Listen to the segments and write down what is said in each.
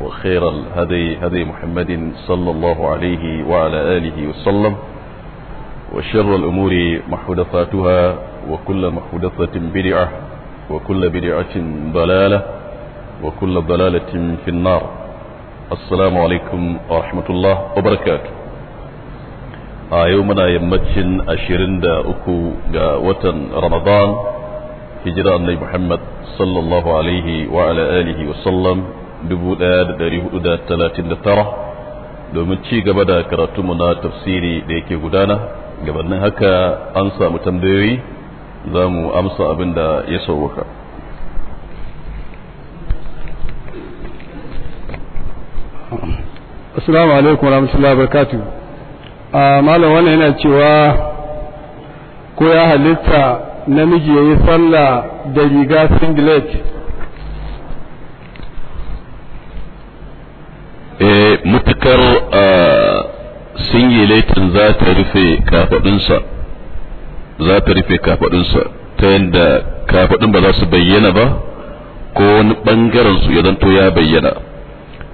وخير الهدي هدي محمد صلى الله عليه وعلى آله وسلم وشر الأمور محدثاتها وكل محدثة بدعة وكل بدعة ضلالة وكل ضلالة في النار السلام عليكم ورحمة الله وبركاته a yau muna yammacin ashirin da uku ga watan ramadan hijira annabi muhammad sallallahu alaihi wa ala alihi wa sallam 1439 domin ci gaba da karatunmu na tafsiri da yake gudana gabanin haka an samu tambayoyi za mu amsa abin da ya sauwaka assalamu alaikum warahmatullahi wabarakatuh a malam wannan yana cewa ko ya halitta namiji ya yi sallah da riga singlet eh mutukar ah, singulatin za ta rufe kafadunsa za ta rufe kafadunsa ta yadda kafadun ba za su bayyana ba ko wani bangaren su ya to ya bayyana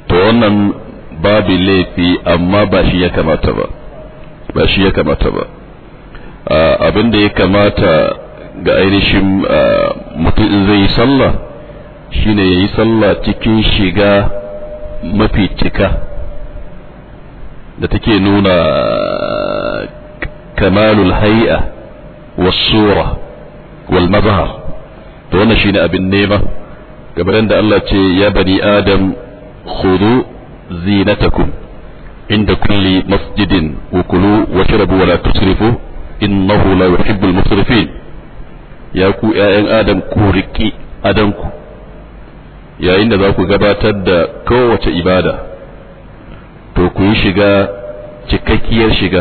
to wannan babu laifi amma ba shi ya kamata ba ba shi ya kamata ba ah, abin da ya kamata ga ainihin ah, mutum zai yi sallah shine ya yi sallah cikin shiga mafi cika da take nuna kamalul hai'a was-sura wal mazhar to wannan shine abin nema gaban da Allah ce ya bani adam khudu zinatakum inda kulli masjidin wa kulu wa shrabu wa la tusrifu innahu la yuhibbul musrifin ya ku ƴaƴan adam ku riki adanku yayin da za ku gabatar da kowace ibada to ku yi shiga cikakkiyar shiga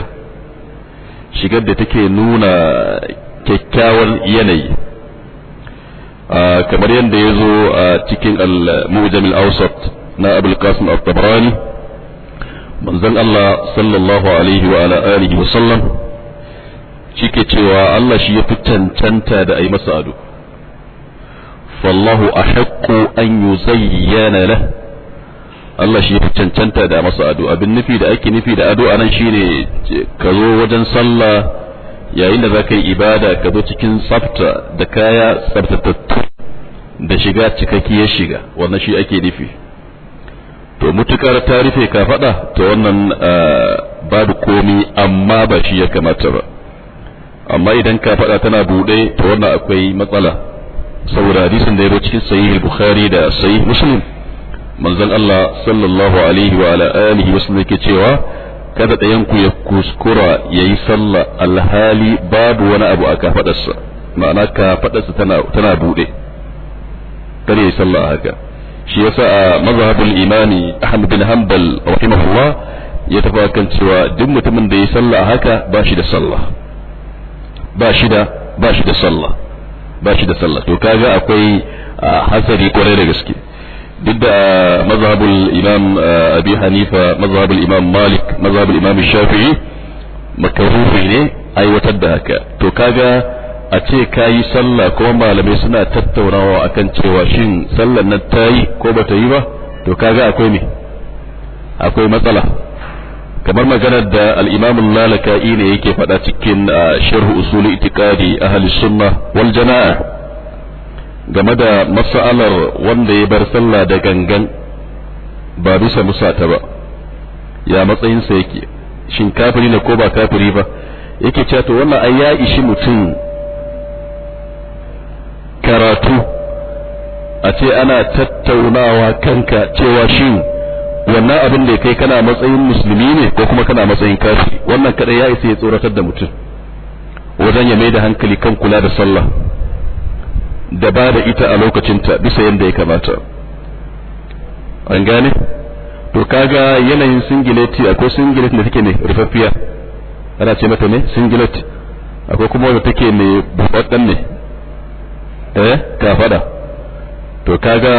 shigar da take nuna kyakkyawar yanayi kamar yadda ya zo a cikin al-mujam al-awsat na abul qasim at-tabrani manzon Allah sallallahu alaihi wa ala alihi wa sallam shike cewa Allah shi ya fi cancanta da a yi masa ado wallahu ahaqqu an yuzayyana lahu Allah shi cancanta da masa ado abin nufi da ake nufi da ado anan shine ka zo wajen sallah yayin da zaka yi ibada ka zo cikin tsafta da kaya tsaftatattu da shiga cikakkiyar shiga wannan shi ake nufi to mutukar ta rufe ka faɗa to wannan ah, babu komi amma ba shi ya kamata ba amma idan ka faɗa tana buɗe to wannan akwai matsala saboda hadisin da ya cikin sahih bukhari da sahih muslim manzon Allah sallallahu alaihi wa ala alihi wasallam yake cewa kada ɗayan ku ya kuskura yayi sallah alhali babu wani abu a kafadarsa ma'ana kafadarsa tana tana bude kada yayi sallah haka shi yasa a mazhabul imani Ahmad bin Hanbal rahimahullah ya tafi kan cewa duk mutumin da yayi sallah haka ba shi da sallah ba shi da ba shi da sallah ba shi da sallah to kaga akwai hasari kwarai da gaske duk da mazhabul imam abi hanifa mazhabul imam malik mazhabul imam shafi'i makaruhi ne aiwatar da haka to kaga a ce kayi sallah kuma malamai suna tattaunawa akan cewa shin sallar nan ta yi ko bata yi ba to kaga akwai me akwai matsala kamar maganar da al'imamin imam lalaka'i ne yake faɗa cikin sharhu usul itikadi a sunna wal jama'a game da mas'alar wanda ya bar sallah da gangan ba bisa musata ba ya matsayinsa yake shin kafiri ne ko ba kafiri ba yake cewa to wannan a ya ishi mutum karatu a ce ana tattaunawa kanka cewa shin wannan abin da kai kana matsayin musulmi ne ko kuma kana matsayin kafi wannan kaɗai ya isa ya tsoratar da mutum wajen ya mai da hankali kan kula da sallah da ba da ita a lokacinta bisa yadda ya kamata an gane to kaga yanayin singileti akwai singileti da take ne rufaffiya ana ce mata ne singileti akwai kuma wanda take ne buɗaɗɗen ne eh kafada to kaga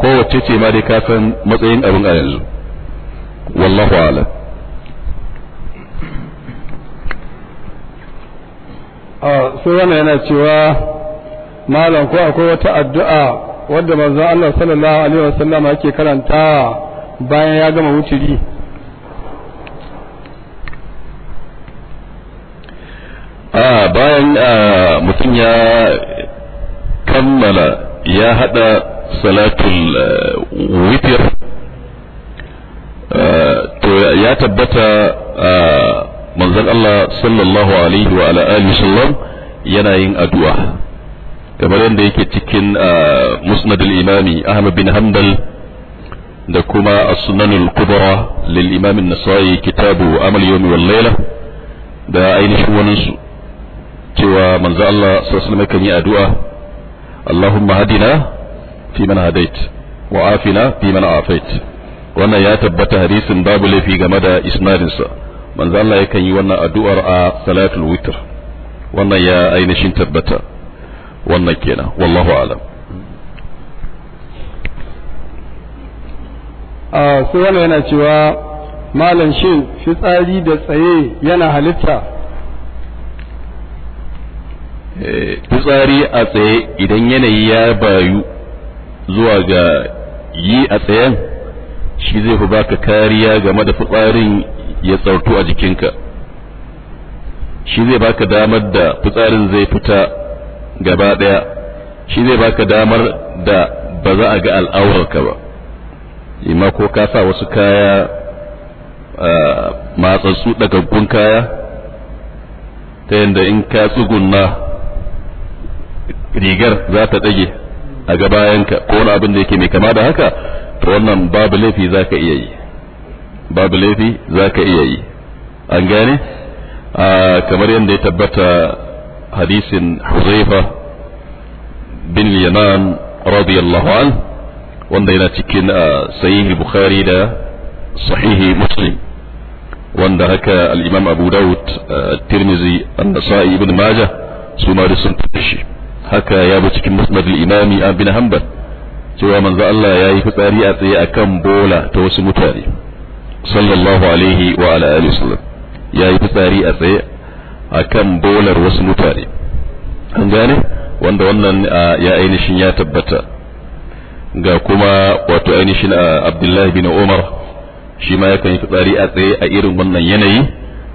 kowace ce ma dai ka san matsayin abin a yanzu wallahu alam sai wannan yana cewa malam ko akwai wata addu'a wadda manzo Allah sallallahu alaihi wasallam yake karanta bayan ya gama wuturi a bayan mutum ya kammala ya hada salatul eh, witr to ya tabbata manzon Allah sallallahu alaihi wa ala alihi sallam yana yin addu'a kamar yadda yake cikin musnad imami Ahmad bin Hanbal da kuma as-sunan al-kubra lil imam kitabu amal yawm wal da ainihin wannan su cewa manzo Allah sallallahu alaihi wasallam yi addu'a Allahumma hadina fi man hadait wa afina fi man afait wannan ya tabbata hadisin babu laifi game da isnadinsa manzo Allah yakan yi wannan addu'ar a salatul witr wannan ya ainihin tabbata wannan kenan wallahu alam a sai wannan yana cewa malam shin fitsari da tsaye yana halitta eh, fitsari a tsaye idan yanayi ya bayu zuwa ga yi a tsayen shi zai fi baka kariya game da fitsarin ya tsartu a jikinka shi zai baka damar da fitsarin zai fita gaba ɗaya shi zai baka damar da ba za a ga ka ba imma ko ka sa wasu kaya matsatsu ɗagaggun kaya ta yadda in ka tsugunna rigar za ta ɗage a gabayanka ko wani abin da yake mai kama da haka wannan babu laifi za ka iya yi babu laifi za ka iya yi an gane kamar yadda ya tabbata hadisin huzaifa bin yaman radiyallahu an wanda yana cikin sahihi bukhari da sahihi muslim wanda haka al-imam abu daud tirmizi an-nasa'i ibn majah su ma da sun shi haka ya bi cikin musnad al-imami bin hanbal cewa manzo Allah ya yi fitsari a tsaye akan bola ta wasu mutane sallallahu alaihi wa ala alihi wasallam ya yi fitsari a tsaye akan bolar wasu mutane an gane wanda wannan ya ainihin ya tabbata ga kuma wato ainihin Abdullahi bin Umar shi ma yakan yi fitsari a tsaye a irin wannan yanayi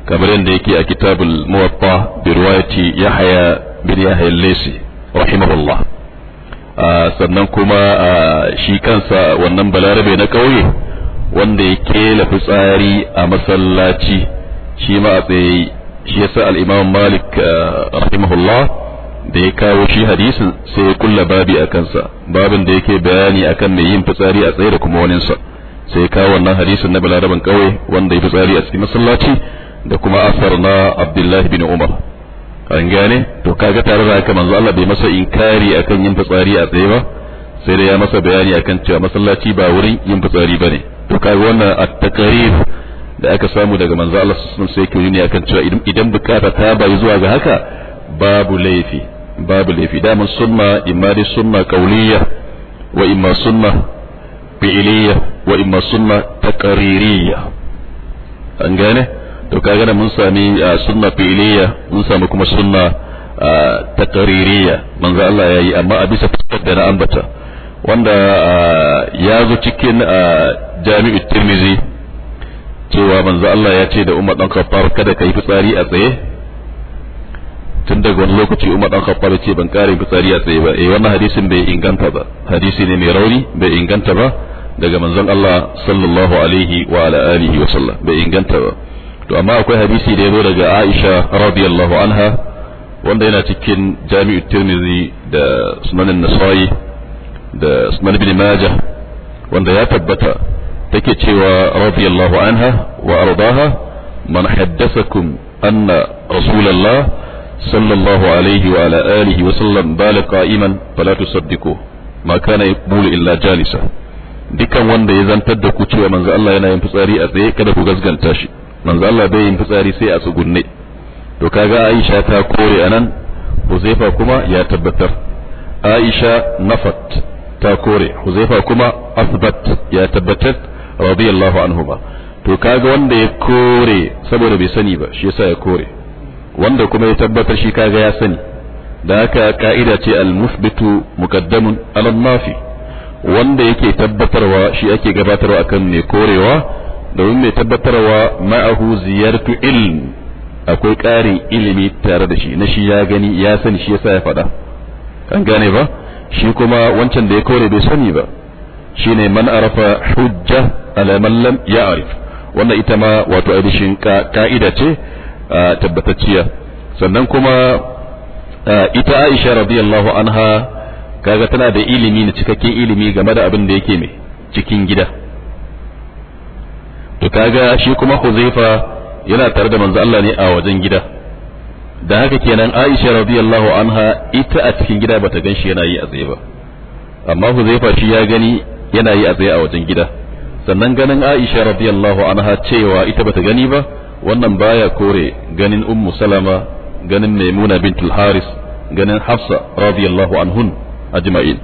kamar yadda yake a kitabul muwatta bi riwayati Yahya bin Yahya al-Laysi rahimahullah sannan kuma shi kansa wannan balarabe na ƙauye wanda ya kela fitsari a masallaci shi ma a tsaye shi yasa al-Imam Malik rahimahullah da ya kawo shi hadisin sai ya kulla babi a kansa babin da yake bayani akan mai yin fitsari a tsaye da kuma waninsa sai ya kawo wannan hadisin na balaraben ƙauye wanda ya fitsari a cikin masallaci da kuma asar na Abdullahi bin Umar an gane to kaga tare da haka manzo Allah bai masa inkari akan yin fitsari a tsaye ba sai dai ya masa bayani akan cewa masallaci ba wurin yin fitsari bane to kaga wannan at-taqrir da aka samu daga manzo Allah sallallahu alaihi wasallam sai akan cewa idan bukata ta bai zuwa ga haka babu laifi babu laifi daman sunna imma dai sunna qauliyya wa imma sunna fi'liyya wa imma sunna taqririyya an gane to kaga da mun sami sunna fi'liya mun sami kuma sunna taqririyya manzo Allah ya yi amma a bisa fuskar da na ambata wanda ya zo cikin jami'u Tirmizi cewa manzo Allah ya ce da Umar dan Khattab kada kai fitsari a tsaye tun daga wani lokaci Umar dan Khattab ce ban kare fitsari a tsaye ba eh wannan hadisin bai inganta ba hadisi ne mai rauni bai inganta ba daga manzon Allah sallallahu alaihi wa ala alihi wa sallam bai inganta ba to amma akwai hadisi da ya zo daga Aisha radiyallahu anha wanda yana cikin Jami'u Tirmidhi da Sunan Nasa'i da Sunan Ibn Majah wanda ya tabbata take cewa radiyallahu anha wa ardaha man haddathakum anna rasulullah sallallahu alaihi wa ala alihi wa sallam bala qa'iman fala tusaddiqu ma kana yaqulu illa jalisa dukkan wanda ya zantar da ku cewa manzo Allah yana yin fitsari a tsaye kada ku gaskanta shi manzo Allah bai yin fitsari sai a tsugunne to kaga Aisha ta kore anan Huzaifa kuma ya tabbatar Aisha nafat ta kore Huzaifa kuma asbat ya tabbatar radiyallahu anhuma to kaga wanda ya kore saboda bai sani ba shi yasa ya kore wanda kuma ya tabbatar shi kaga ya sani da haka ka'ida ce al-musbitu muqaddamun ala nafi wanda yake tabbatarwa shi ake gabatarwa akan mai korewa domin mai tabbatarwa ma'ahu ziyartu ilm akwai ƙarin ilimi tare da shi na shi ya gani ya sani shi yasa ya faɗa an gane ba shi kuma wancan da ya kore bai sani ba shine man arafa hujja ala man lam ya'rif wannan ita ma wato ainihin ka'ida ce tabbatacciya sannan kuma ita Aisha radiyallahu anha kaga tana da ilimi na cikakken ilimi game da abin da yake mai cikin gida to kaga shi kuma Huzaifa yana tare da manzo Allah ne a wajen gida da haka kenan Aisha radiyallahu anha ita a cikin gida bata gan shi yana yi a tsaye ba amma Huzaifa shi ya gani yana yi a tsaye a wajen gida sannan ganin Aisha radiyallahu anha cewa ita bata gani ba wannan baya kore ganin Ummu Salama ganin Maimuna bintul Haris ganin Hafsa radiyallahu anhun ajma'in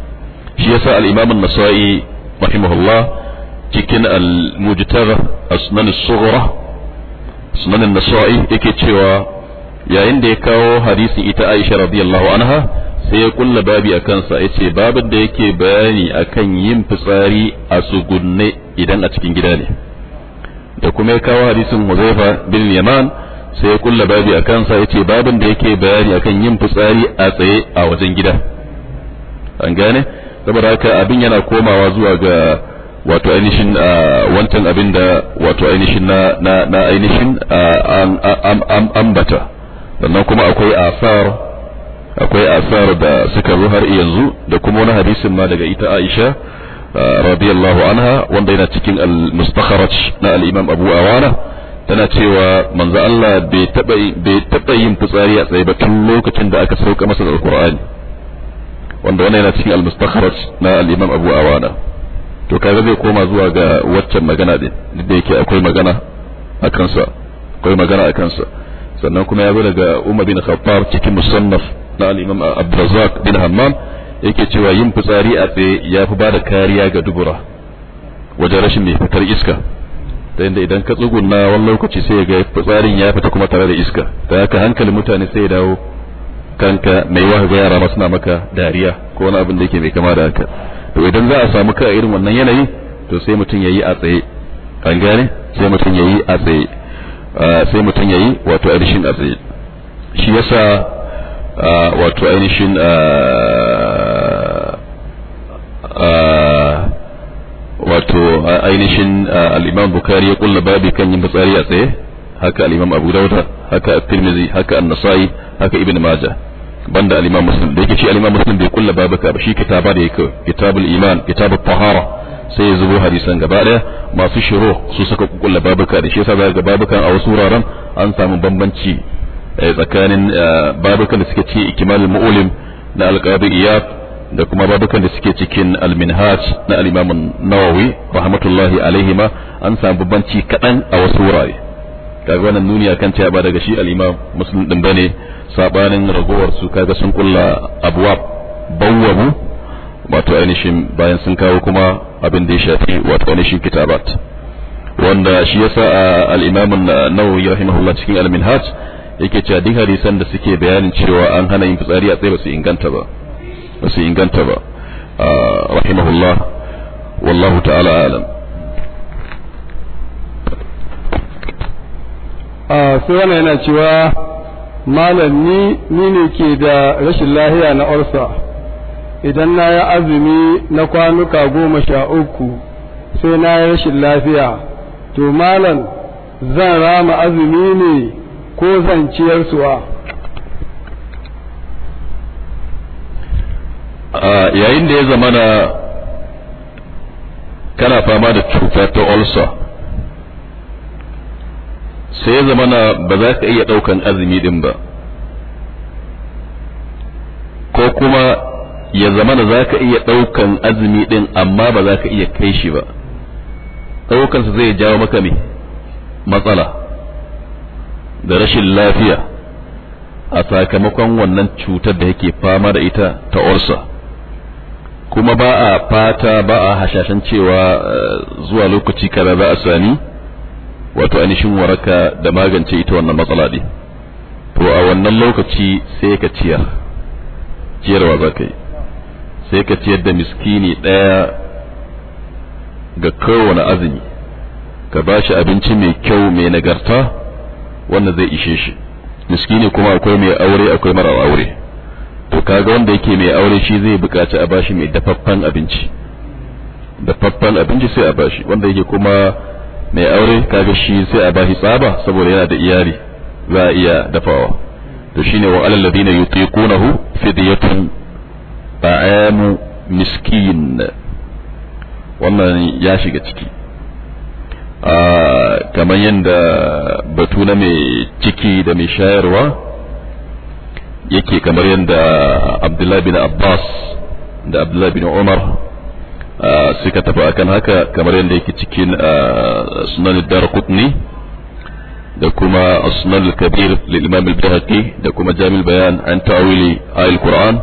shi yasa al-Imam an-Nasa'i rahimahullah cikin al-mujtar asnan as-sughra asnan an-nasa'i yake cewa yayin da ya kawo hadisi ita Aisha radiyallahu anha sai ya kulla babi a kansa ya ce babin da yake bayani akan yin fitsari a tsugunne idan a cikin gida ne da kuma ya kawo hadisin Huzaifa bin Yaman sai ya kulla babi a kansa ya ce babin da yake bayani akan yin fitsari a tsaye a wajen gida an gane saboda haka abin yana komawa zuwa ga wato ainihin a ah, wancan abin da wato ainihin na na na ainihin ah, an ambata sannan kuma akwai asar akwai asar da suka zo har yanzu da kuma wani hadisin ma daga ita Aisha ah, radiyallahu anha wanda yana cikin al-mustakhraj na al-Imam Abu Awana tana cewa manzo Allah bai taba bai taba yin fitsari a tsaye ba tun lokacin da aka sauka masa al-Qur'ani wanda wannan yana cikin al-mustakhraj na al-Imam Abu Awana to kaga zai koma zuwa ga waccan magana din da yake akwai magana a kansa akwai magana a kansa sannan kuma ya zo daga Umar bin Khattab cikin musannaf na al-Imam Abdurrazzaq bin Hammam yake cewa yin fitsari a tsaye ya fi bada kariya ga dubura wajen rashin mai fitar iska ta yadda idan ka tsugunna wani lokaci sai ga fitsarin ya fita kuma tare da iska ta haka hankalin mutane sai ya dawo kanka mai wahaga yara masu na maka dariya ko wani abin da yake mai kama da haka to idan za a samu kai irin wannan yanayi to sai mutum yayi a tsaye an gane sai mutum yayi a tsaye ah, sai mutum yayi wato ainihin a tsaye shi yasa ah, wato ainihin ah, wato ainihin al-Imam Bukhari ya kulla babi kan yin fitsari a tsaye haka al-Imam Abu Dawud haka At-Tirmidhi haka An-Nasa'i haka Ibn Majah banda al-Imam Muslim da yake ce al-Imam Muslim bai kulla babuka ba shi kitaba da yake kitabul iman kitabut tahara sai ya zubo hadisan gaba daya masu shiro su suka kulla babuka da shi yasa zaka babukan a wasu wuraren an samu bambanci eh, tsakanin eh, babukan da suke ci ikmalul mu'lim na al-qadi iyad da kuma babukan da suke cikin al-minhaj na al-Imam Nawawi rahmatullahi alaihima an samu bambanci kadan a wasu wurare kaga wannan nuni akan cewa ba daga shi al-imam muslim din bane sabanin ragowar su kaga sun kulla abwab bawwabu wato ainihin bayan sun kawo kuma abin da ya shafi wato ainihin kitabat wanda shi yasa al-imam an-nawawi rahimahullah cikin al-minhaj yake cewa duk hadisan da suke bayanin cewa an hana yin fitsari a tsaye ba su inganta ba ba su inganta ba rahimahullah wallahu ta'ala alam sai wani yana cewa malam ni ni ne ke da rashin lahiya na orsa idan na yi azumi na kwanuka goma sha uku sai na yi rashin lafiya to malam zan rama azumi ne ko zan ciyar suwa yayin da ya zama na kana fama da cutar ta ulcer sai ya zama na ba za ka iya ɗaukan azumi ɗin ba ko kuma ya zama na za ka iya ɗaukan azumi ɗin amma ba za ka iya kai shi ba ɗaukansa zai jawo maka ne matsala da rashin lafiya a sakamakon wannan cutar da yake fama da ita ta orsa kuma ba a fata ba a hashashen cewa eh, zuwa lokaci kaza za a sami. wato ainihin waraka da magance ita wannan matsala din to a wannan lokaci sai ka ciyar ciyarwa za ka yi sai ka ciyar da miskini ɗaya ga kowane azumi ka ba shi abinci mai kyau mai nagarta wanda zai ishe shi miskini kuma akwai mai aure akwai mara aure to kaga wanda yake mai aure shi zai buƙaci a ba shi mai dafaffen abinci dafaffen abinci sai a ba shi wanda yake kuma mai aure kaga shi sai a bashi tsaba saboda yana da iyali za a iya dafawa to shine wa alal ladina yutiqunahu fidyatun ta'amu miskin wannan ya shiga ciki kamar yadda batu na mai ciki da mai shayarwa yake kamar yadda abdullahi bin abbas da abdullahi bin umar Ah, suka tafi akan haka kamar yadda yake cikin ah, sunan darqutni da kuma sunan kabir lil al-bahaqi da kuma jamil bayan an ta'wili ayil qur'an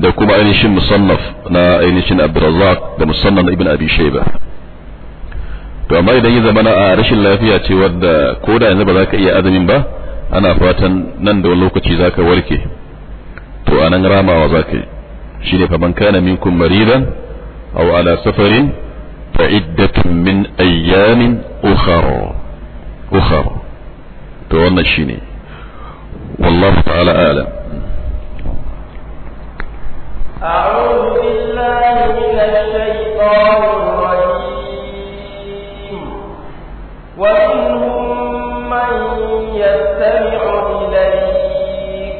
da kuma ainihin musannaf na ainihin abdurrazzaq da musannaf ibn abi shayba to amma idan ya zamana a ah, rashin lafiya ce wadda ko da yanzu ba za ka iya azumin ba ana fatan nan da wani lokaci za ka warke to anan ramawa za ka yi shi ne faman kana minkum maridan أو على سفر فعدة من أيام أخر أخر تولنا الشيني والله تعالى أعلم أعوذ بالله من الشيطان الرجيم ومنهم من يستمع إليك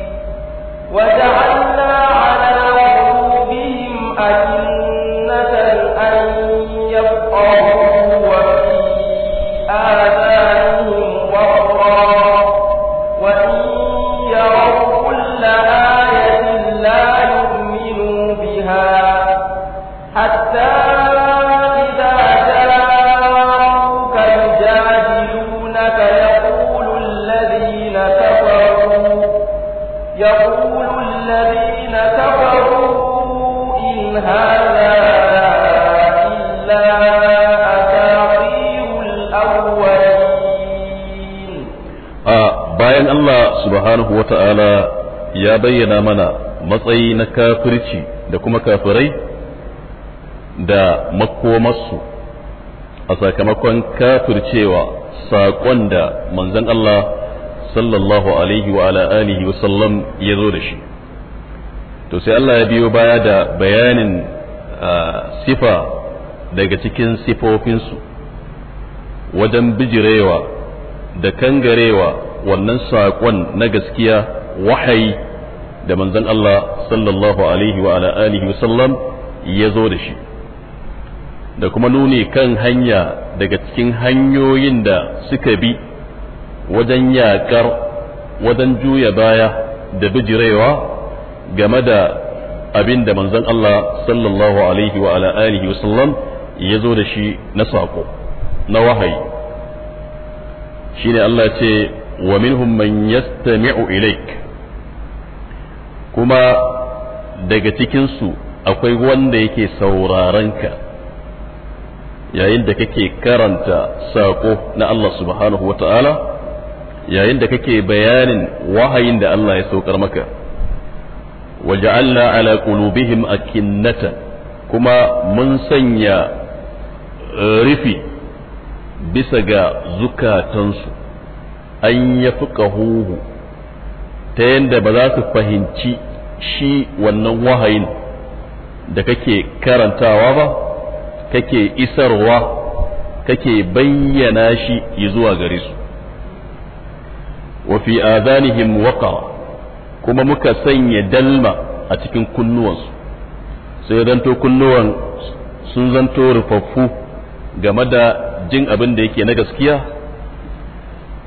وجعلنا على قلوبهم أجنة الذين كفروا إن هذا إلا bayan Allah subhanahu wa ta'ala ya bayyana mana matsayi na kafirci da kuma kafirai da makomarsu a sakamakon kafircewa saƙon da manzon Allah sallallahu alaihi wa ala alihi ya zo da shi to sai Allah ya biyo baya da bayanin sifa daga cikin sifofinsu wajen bijirewa da kangarewa wannan saƙon na gaskiya wahayi da manzon Allah sallallahu alaihi wa ala alihi wasallam ya zo da shi da kuma nuni kan hanya daga cikin hanyoyin da suka bi wajen yaƙar wajen juya baya da bijirewa game da abin da manzon Allah sallallahu alaihi wa ala alihi wa sallam ya zo da shi na sako na wahayi shine Allah ce wa minhum man yastami'u ilaik kuma daga cikinsu akwai wanda yake saurarenka yayin da kake karanta sako na Allah subhanahu wa ta'ala yayin da kake bayanin wahayin da Allah ya saukar maka waja'alna ala qulubihim akinnata kuma mun sanya rufi bisa ga zukatansu an yafi kahuhu ta yadda ba za su fahimci shi wannan wahayin da kake karantawa ba kake isarwa kake bayyana shi zuwa gare su wa fi adanihim waqara kuma muka sanya dalma a cikin kunnuwansu sai zanto kunnuwan sun zanto rufaffu game da jin abin da yake na gaskiya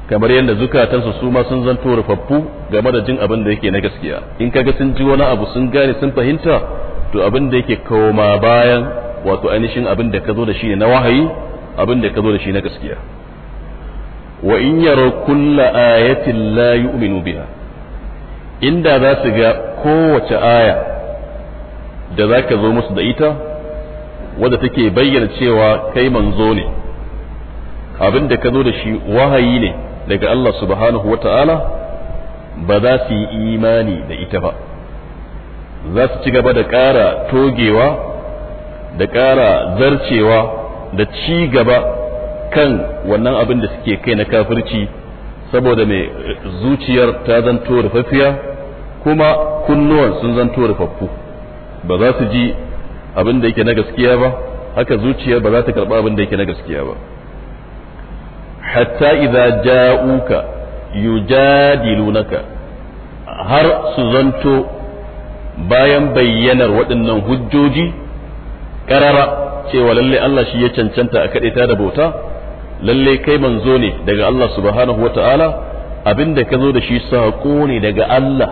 kamar yadda zukatansu su ma sun zanto rufaffu game da jin abin da yake na gaskiya in kaga sun ji wani abu sun gane sun fahimta to abin da yake koma bayan wato ainihin abin da ka zo da shi ne na wahayi abin da ka zo da shi na gaskiya wa in yaro kulla ayatin la yu'minu biha inda za su ga kowace aya da za ka zo musu da ita wadda take bayyana cewa kai manzo ne abin da ka zo da shi wahayi ne daga Allah subhanahu wa ta'ala ba za su yi imani da ita ba za su ci gaba da ƙara togewa da ƙara zarcewa da ci gaba kan wannan abin da suke kai na kafirci saboda mai zuciyar ta zanto rufaffiya kuma kunnuwan sun zanto rufaffu ba za su ji abin da yake na gaskiya ba haka zuciyar ba za ta karɓa abin da yake na gaskiya ba hatta idza ja'uka yujadilunaka har su zanto bayan bayyanar waɗannan hujjoji ƙarara cewa lalle Allah shi ya cancanta a kaɗaita da bauta lalle kai manzo ne daga Allah subhanahu wa ta'ala abinda ka zo da shi saƙo ne daga Allah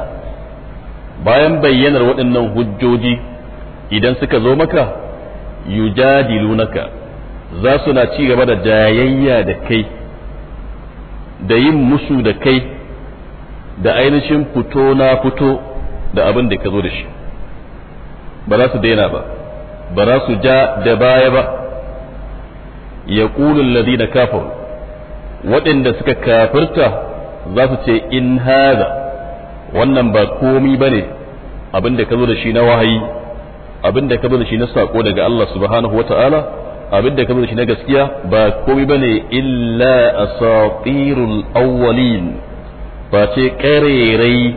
bayan bayyanar waɗannan hujjoji idan suka zo maka yujadilunaka za su na ci gaba da jayayya da kai da yin musu da kai da ainihin fito na fito da abin da ka zo da shi ba za su daina ba ba za su ja da baya ba yaqulu alladhina kafin waɗanda suka kafirta za su ce in hadha wannan ba komi bane abinda ka zo da shi na wahayi abinda ka zo da shi na sako daga Allah subhanahu wataala abinda ka zo da shi na gaskiya ba komi ne illa asatirul awwalin ba ce karerai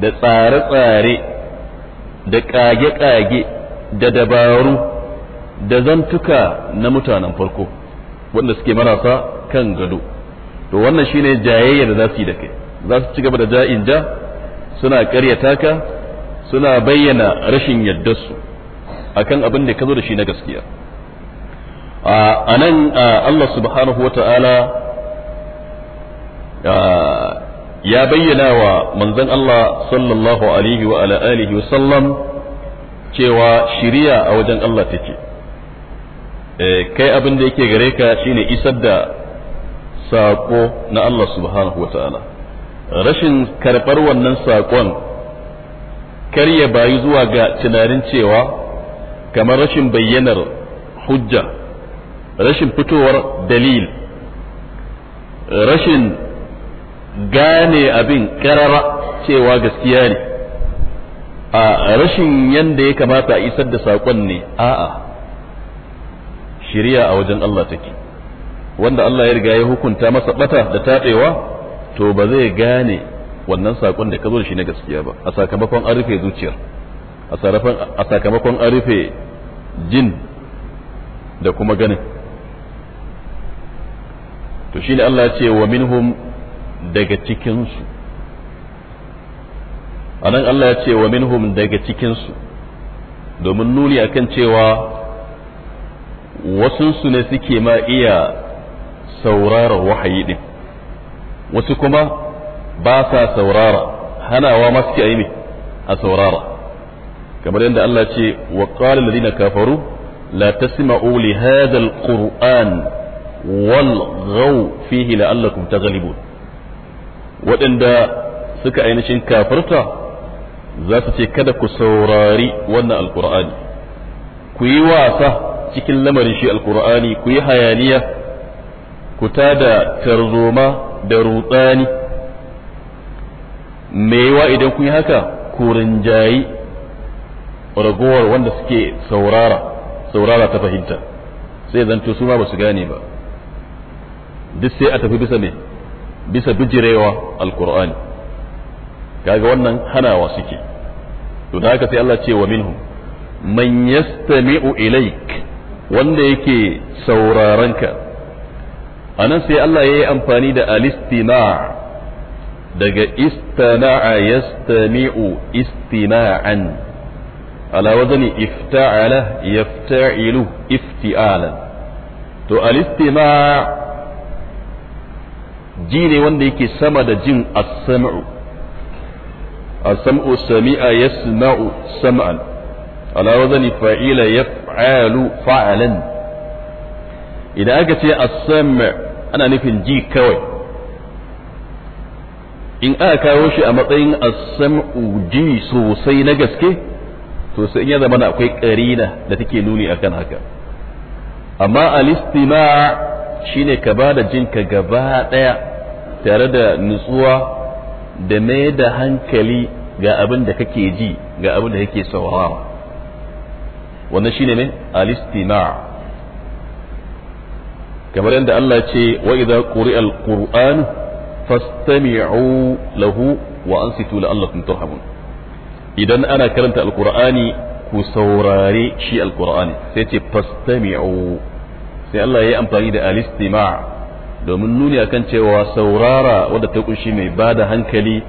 da tsare-tsare da ƙage-ƙage, da dabaru da zantuka na mutanen farko wanda suke marasa kan gado to wannan shine jayayya da za su yi da kai za su ci gaba da ja'in ja suna karyata ka suna bayyana rashin yardarsu akan abin da ka da shi na gaskiya a nan Allah subhanahu wa ta'ala ya bayyana wa manzon Allah sallallahu alaihi wa ala alihi wa sallam cewa shiriya a wajen Allah take Eh, kai abin da yake gare ka shine isar da saƙo na Allah subhanahu wa ta'ala rashin karɓar wannan sakon kar ya bayi zuwa ga tunanin cewa kamar rashin bayyanar hujja rashin fitowar dalil rashin gane abin karara cewa gaskiya ne a rashin yanda ya kamata a isar da saƙon ne a'a shiriya a wajen Allah take wanda Allah ya riga ya hukunta masa bata da tabewa to ba zai gane wannan saƙon da ka zo da shi na gaskiya ba a sakamakon an rufe zuciyar a sakamakon an rufe jin da kuma ganin to shine Allah ya ce wa minhum daga cikinsu a nan Allah ya ce wa minhum daga cikinsu domin nuni akan cewa wasunsu ne suke ma iya saurara wahayi ɗin wasu kuma ba sa saurara hanawa ma suke aini a saurara kamar yadda Allah ce wa qala alladhina kafaru la tasma'u li hadha alquran wal ghaw fihi la'allakum taghlibun waɗanda suka ainihin kafirta za su ce kada ku saurari wannan alqur'ani ku yi wasa cikin lamarin shi alkur'ani ku yi hayaniya ku da tarzoma da rutsani me yawa idan kun yi haka ku rinjayi ragowar wanda suke saurara saurara ta fahimta sai zanto su ma ba su gane ba duk sai a tafi bisa ne bisa bijirewa alkur'ani kaga wannan hanawa suke to da haka sai Allah ce wa minhum man yastami'u ilaik wanda yake saurarenka a nan sai Allah ya yi amfani da alistina daga istana'a yastami'u istina'an ala wazani ifta'ala yafta'ilu ifti'alan to alistina ji ne wanda yake sama da jin as-sam'u as-sam'u sami'a yasma'u sam'an ala wazani fa'ila yaf'alu fa'alan idan aka ce as ana nufin ji kawai in aka kawo shi a matsayin as ji sosai na gaske to sai in ya zama akwai karina da take nuni akan haka amma al shine ka bada jinka gaba daya tare da nutsuwa da mai da hankali ga abin da kake ji ga abin da kake saurawa wannan shine ne alistima kamar yadda Allah ce wa idza quri'a alquran fastami'u lahu wa ansitu la'allakum turhamun idan ana karanta al'kur'ani ku saurare shi alqur'ani sai ce fastami'u sai Allah ya yi amfani da alistima domin nuni akan cewa saurara wadda ta kunshi mai bada hankali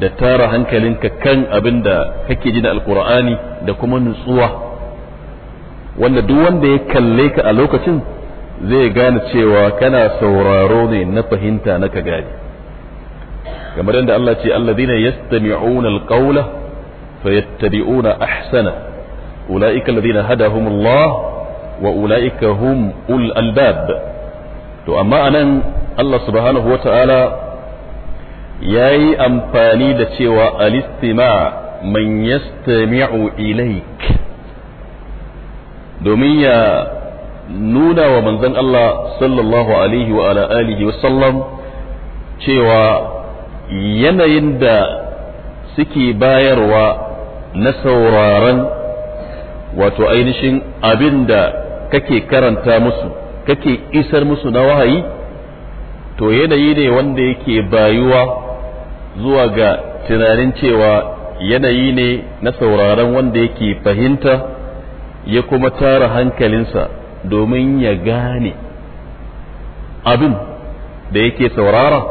da tara hankalinka kan abin da kake ji da alkur'ani da kuma nutsuwa wanda duk wanda ya kalle ka a lokacin zai gane cewa kana sauraro ne na fahimta na ka gani kamar yadda Allah ce alladhina yastami'una alqawla fayattabi'una ahsana ulaika alladhina hadahum Allah wa ulaika hum ul albab to amma anan Allah subhanahu wata'ala yayi amfani da cewa alistima man yastami'u ilayka domin ya nuna wa manzon Allah sallallahu alaihi wa ala alihi wasallam cewa yanayin da suke bayarwa na sauraron wato ainihin abin da kake karanta musu kake isar musu na wahayi to yanayi ne wanda yake bayuwa zuwa ga tunanin cewa yanayi ne na sauraron wanda yake fahimta ya kuma tara hankalinsa domin ya gane abin da yake saurara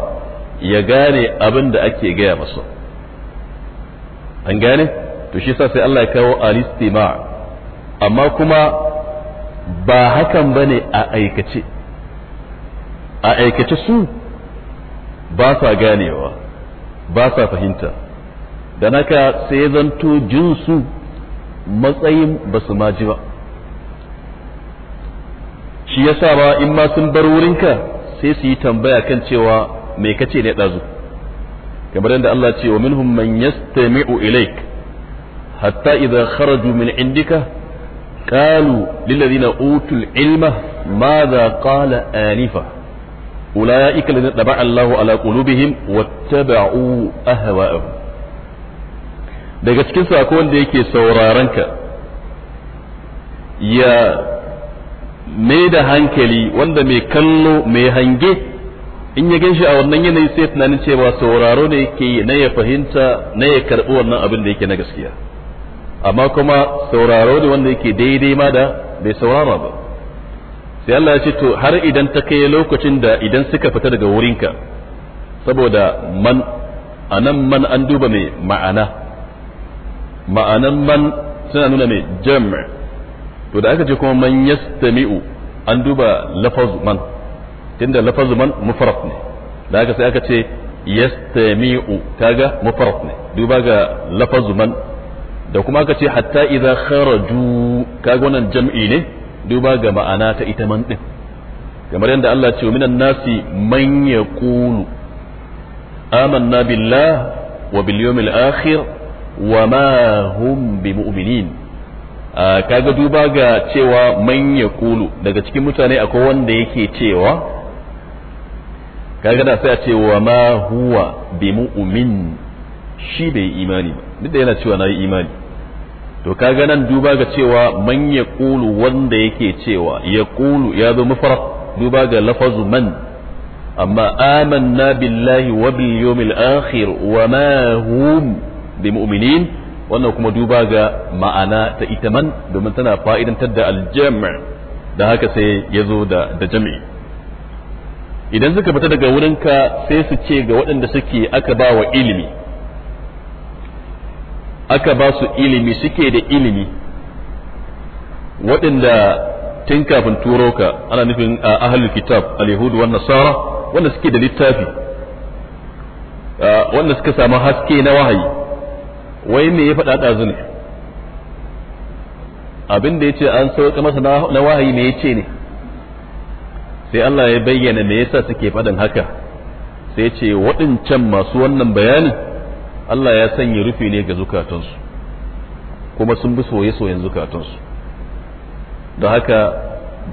ya gane abin da ake gaya masa an gane to shi sa sai Allah ya kawo alistima amma kuma ba hakan ba ne a aikace a aikace su ba sa ganewa ba sa fahimta don haka sai zanto jinsu matsayin ba su ma ji ba shi yasa ma in ma sun bar wurinka sai su yi tambaya kan cewa me kace ne ɗazu kamar yadda Allah ce wa minhum man yastami'u ilaik hatta idza kharaju min indika قالوا للذين أوتوا العلم ماذا قال آنفا أولئك الذين تبع الله على قلوبهم واتبعوا أهواءهم daga cikin su akwai wanda yake sauraron ka ya mai da hankali wanda mai kallo mai hange in ya ganshi a wannan yanayi sai tunanin cewa sauraro ne yake na ya fahimta na ya karɓi wannan abin da yake na gaskiya amma kuma sauraro ne wanda yake daidai ma da bai saurara ba sai Allah ya ce to har idan ta kai lokacin da idan suka fita daga wurinka saboda man anan man an duba mai ma'ana ma'anan man suna nuna ne jam' to da aka ce kuma man yastami'u an duba lafazu man tunda lafazu man mufarad ne da aka sai aka ce yastami'u kaga mufarad ne duba ga lafazu man da kuma aka ce hatta idza kharaju kaga wannan jam'i ne duba ga ma'ana ta ita man din kamar yadda Allah ce minan nasi man yaqulu amanna billah wa bil yawmil akhir wa ma hum bi mu'minin kaga duba ga cewa man ya kulu daga cikin mutane akwai wanda yake cewa kaga da sai a ce wa ma huwa bi mu'min shi bai imani ba duk da yana cewa na yi imani to kaga nan duba ga cewa man ya kulu wanda yake cewa ya kulu ya zo mafarar duba ga lafazu man amma amanna billahi wa bil yawmil akhir wa ma hum lmuminin wannan kuma duba ga ma'ana ta ita man domin tana fa'idantar da aljami' da haka sai ya zo da da jami'i idan suka fita daga wurinka sai su ce ga waɗanda suke aka ba wa ilimi aka ba su ilimi suke da ilimi waɗanda tun kafin turo ka ana nufin ahalul kitab al-yahudu wan nasara wanda suke da littafi wanda suka samu haske na wahayi wai me ya faɗaɗa ɗazu ne abin da ya ce an sauka masa na wahayi me ya ce ne sai Allah ya bayyana me yasa suke faɗin haka sai ce waɗancan masu wannan bayanin Allah ya sanya rufi ne ga zukatansu kuma sun bi soye-soyen zukatansu da haka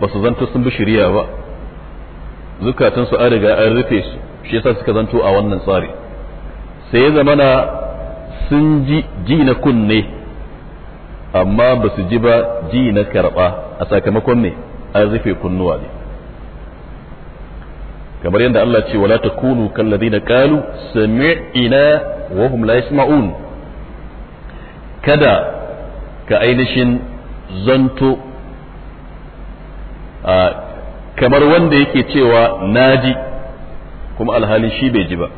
ba su zanto sun bi shirya ba zukatansu an riga an rufe su shi yasa suka zanto a wannan tsari sai ya zamana sun ji ji na kunne amma ba su ji ba ji na karɓa a sakamakon ne an rufe kunnuwa ne kamar yadda Allah ce wala takunu kalladina qalu sami'na wa hum la yasma'un kada ka ainihin zanto kamar wanda yake cewa naji kuma alhali shi bai ji ba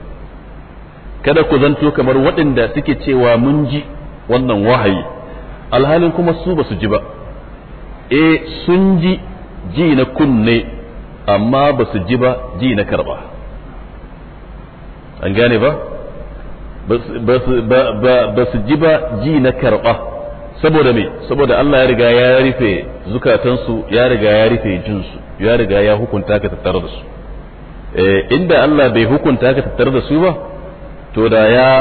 kada ku zanto kamar waɗanda suke cewa mun ji wannan wahayi alhalin kuma su ba su ji ba e sun ji ji na kunne amma ba su ji ba ji na karba an gane ba ba su ji ba ji na karba saboda me saboda Allah ya riga ya rufe zukatansu ya riga ya rufe jinsu ya riga ya hukunta ka tattare da su eh, inda Allah bai hukunta ka tattare da su ba to da ya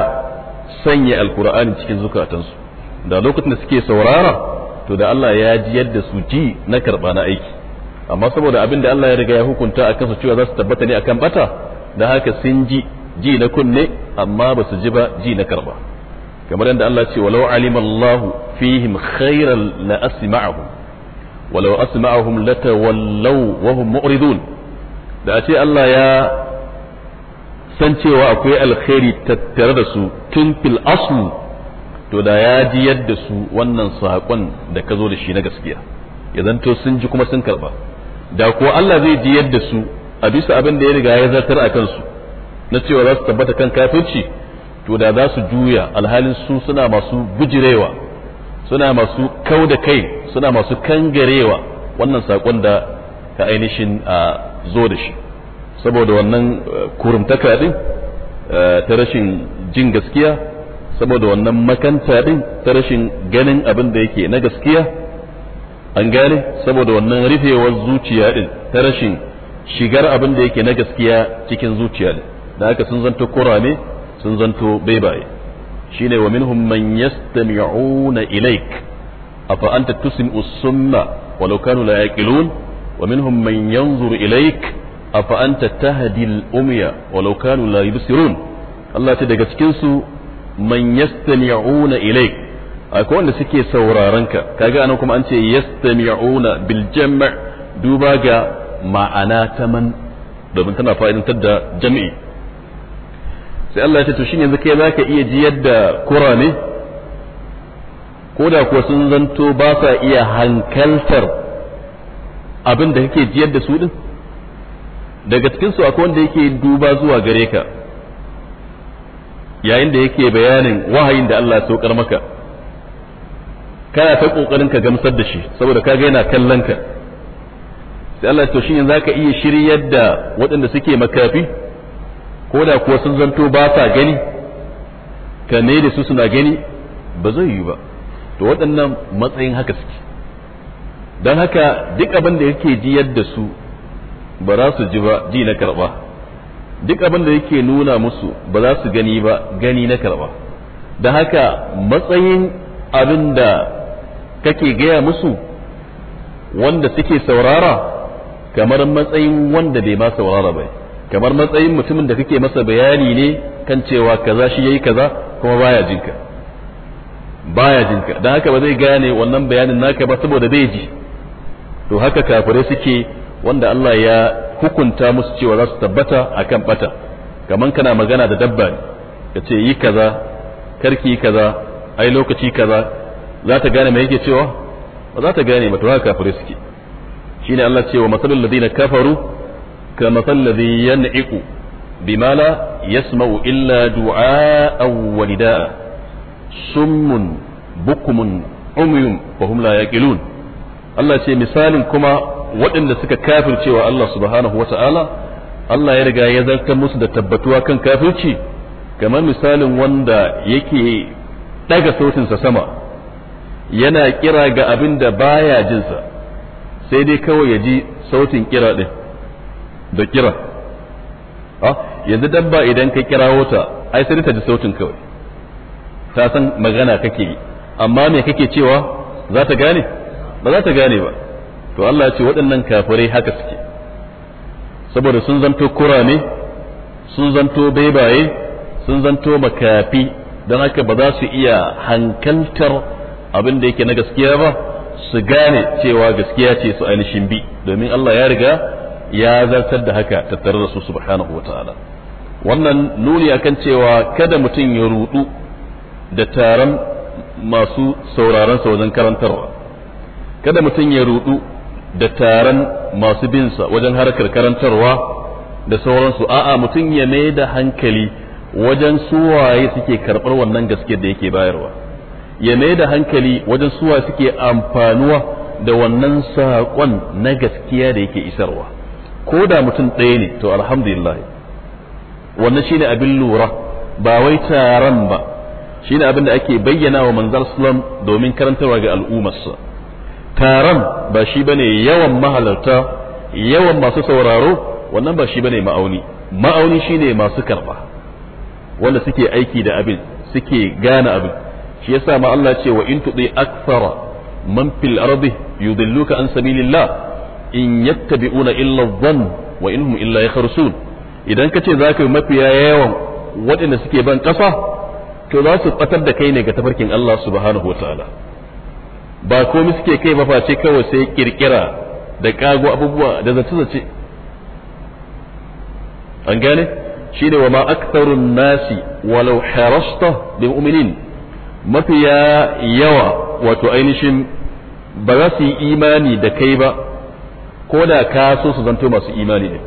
sanya alkur'ani cikin zukatansu da lokacin da suke saurara to da Allah ya ji yadda su ji na karɓa na aiki amma saboda abin da Allah ya riga ya hukunta a su cewa za su tabbata ne akan bata da haka sun ji ji na kunne amma ba su ji ba ji na karɓa kamar yadda Allah ce walau alima Allahu fihim khairan la asma'ahum walau asma'ahum latawallaw wa hum mu'ridun da a ce Allah ya san cewa akwai alkhairi tattare da su tun fil aslu to da ya ji yadda su wannan saƙon da ka zo da shi na gaskiya ya zanto sun ji kuma sun karba da ko Allah zai ji yadda su a bisa abin da ya riga ya zartar a kansu na cewa za su tabbata kan kafirci to da za su juya alhalin su suna masu bujirewa suna masu kau da kai suna masu kangarewa wannan saƙon da ka ainihin a zo da shi saboda wannan eh, kurumtaka din eh, ta rashin jin gaskiya saboda wannan makanta din ta rashin ganin abin da yake na gaskiya an gane saboda wannan rufewar zuciya din ta rashin shigar abin da yake na gaskiya cikin zuciya din da haka sun zanto kurame sun zanto baibaye shine wa minhum man yastami'una ilaik afa anta tusmi'us summa walau kanu la yaqilun wa minhum man yanzuru ilaik afa anta tahdi al walau kanu la yubsirun Allah ta daga cikin su man yastami'una ilayk akwai wanda suke sauraron ka kaga anan kuma an ce yastami'una bil jam' duba ga ma'ana ta man domin tana fa'idantar da jami'i sai Allah ya ce to shine yanzu kai zaka iya ji yadda kurane ko da kuwa sun zanto ba sa iya hankaltar abin da kake jiyar da su din daga cikin su akwai wanda yake duba zuwa gare ka yayin da yake bayanin wahayin da Allah ya saukar maka kana ta kokarin ka gamsar da shi saboda kaga yana kallon ka sai Allah to shin zaka iya shiryar da waɗanda suke makafi ko da kuwa sun zanto ba sa gani ka ne da su suna gani ba zai yi ba to waɗannan matsayin haka suke don haka duk abin da yake jiyar da su ba za su ji ba ji na karba duk abin da yake nuna musu ba za su gani ba gani na karba da haka matsayin abin da kake gaya musu wanda suke saurara kamar matsayin wanda bai ma saurara bai kamar matsayin mutumin da kake masa bayani ne kan cewa kaza shi yayi kaza kuma baya jinka baya jinka don haka ba zai gane wannan bayanin naka ba saboda bai ji to haka kafirai suke wanda Allah ya hukunta musu cewa za su tabbata kan bata kamar kana magana da dabba ka ce yi kaza karki kaza ai lokaci kaza za ta gane mai yake cewa ba za ta gane ba to haka kafirai suke ne Allah cewa masalul ladina kafaru ka masal ladhi yan'iqu bimala la yasma'u illa du'a wa summun bukmun umyun wa hum la Allah ce misalin kuma waɗanda suka kafircewa Allah subhanahu wa ta'ala Allah ya riga ya zartar musu da tabbatuwa kan kafirci kamar misalin wanda yake ɗaga sautinsa sama yana kira ga abin da baya jinsa sai dai kawai ya ji sautin kira ɗin da kira yanzu dabba idan ka kira ta ai sai ta ji sautin kawai ta san magana kake yi amma me kake cewa za ta gane ba za ta gane ba to Allah ya ce waɗannan kafirai haka suke saboda sun zanto kurame sun zanto baibaye sun zanto makafi don haka ba za su iya hankaltar abin da yake na gaskiya ba su gane cewa gaskiya ce su ainihin bi domin Allah ya riga ya zartar da haka tattare da su subhanahu wa ta'ala wannan nuni akan cewa kada mutum ya rudu da taron masu sauraron sa wajen karantarwa kada mutum ya rudu da taron masu binsa wajen harkar karantarwa da sauransu a'a mutum ya mai da hankali wajen suwaye suke karɓar wannan gaske da yake bayarwa ya mai da hankali wajen suwaye suke amfanuwa da wannan saƙon na gaskiya da yake isarwa ko da mutum ɗaya ne to alhamdulillah wannan shine abin lura ba wai taron ba shine abin da ake bayyana wa manzar domin karantarwa ga al'ummarsa taron ba shi bane yawan mahalarta yawan masu sauraro wannan ba shi bane ma'auni ma'auni shine masu karba wanda suke aiki da abin suke gane abin shi yasa ma Allah ce wa in tudi akthara man fil ardi yudilluka an sabilillah in yattabi'una illa dhann wa innahum illa yakhrsun idan ka ce zaka yi mafiya yawan waɗanda suke ban ƙasa to za su batar da kai ne ga tafarkin Allah subhanahu wa ta'ala ba komai suke kai ba face kawai sai kirkira da kago abubuwa da zace zace an gane shine wa ma aktharun nasi walau harasta bi mu'minin mafiya yawa wato ainihin ba za su yi imani da kai ba ko da ka so su zanto masu imani ne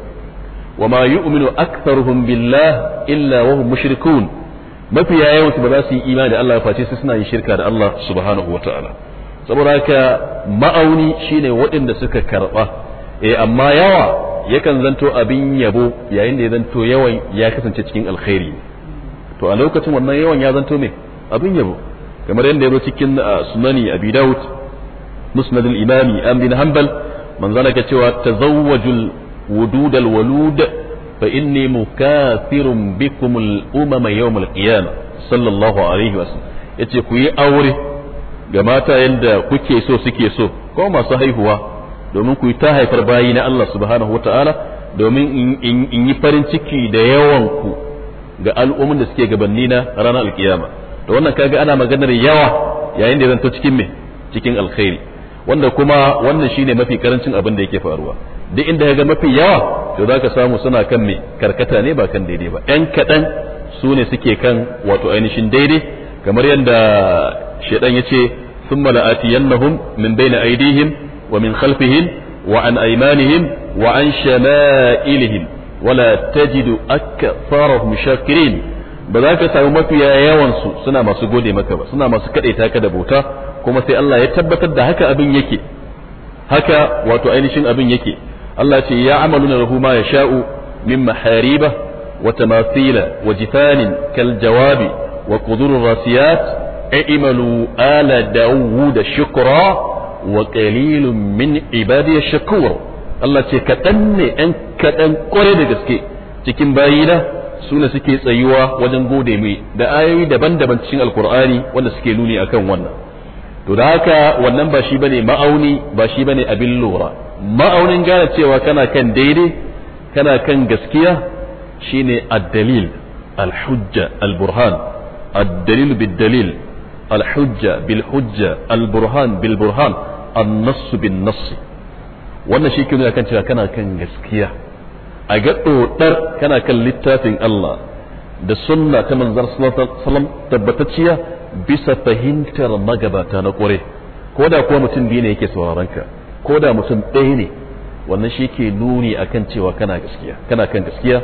wa ma yu'minu aktharuhum billah illa wa hum mushrikun mafiya yawan su ba za su yi imani da Allah face sai suna yin shirka da Allah subhanahu saboda haka ma'auni shine waɗanda suka karɓa e amma yawa yakan zanto abin yabo yayin da ya zanto yawan ya kasance cikin alkhairi to a lokacin wannan yawan ya zanto me abin yabo kamar yadda ya zo cikin ah, sunani abi daud musnad al-imami an bin hanbal manzala ka cewa tazawwajul wudud al-walud fa inni mukathirun bikum al-umama yawm al-qiyamah sallallahu alaihi wasallam yace ku yi aure ga mata yadda kuke so suke so ko masu haihuwa domin ku yi ta haifar bayi na Allah subhanahu wa ta'ala domin in yi farin ciki da yawan ku ga al'ummin da suke gabanni na ranar alkiyama da wannan kaga ana maganar yawa yayin da zanto cikin me cikin alkhairi wanda kuma wannan shine mafi karancin abin da yake faruwa duk inda ga mafi yawa to zaka samu suna kan me karkata ne ba kan daidai ba yan kaɗan su ne suke kan wato ainihin daidai kamar yadda shedan ya ce min baina ثم لآتينهم من بين أيديهم ومن wa an أيمانهم وعن شمائلهم ولا تجد أكثرهم شاكرين ba za ka samu mafiya yawansu suna masu gode maka ba suna masu kaɗaita ka da bauta kuma sai Allah ya tabbatar da haka abin yake haka wato ainihin abin yake Allah ce ya amaluna huma ya sha'u min ba wa tamathila wa jifanin kal jawabi wa qudur rasiyat i'malu ala dawud shukra wa qalilun min ibadiy shakur Allah ce kaɗan ne ɗan kaɗan ƙware da gaske cikin bayina suna ne suke tsayuwa wajen gode mai da ayoyi daban-daban cikin alkur'ani wanda suke nuni akan wannan to da haka wannan ba shi bane ma'auni ba shi bane abin lura ma'aunin gane cewa kana kan daidai kana kan gaskiya shine ad-dalil al-hujja al-burhan ad-dalil dalil alhujja bil hujja alburhan bil burhan annass bin nass wannan shi ke nuna kan cewa kana kan gaskiya a ga dodar kana kan littafin Allah da sunna ta manzar sallam tabbatacciya bisa fahimtar magabata na kure ko da kuwa mutum biyu ne yake sauraron ka ko da mutum ɗaya ne wannan shi ke nuni akan cewa kana gaskiya kana kan gaskiya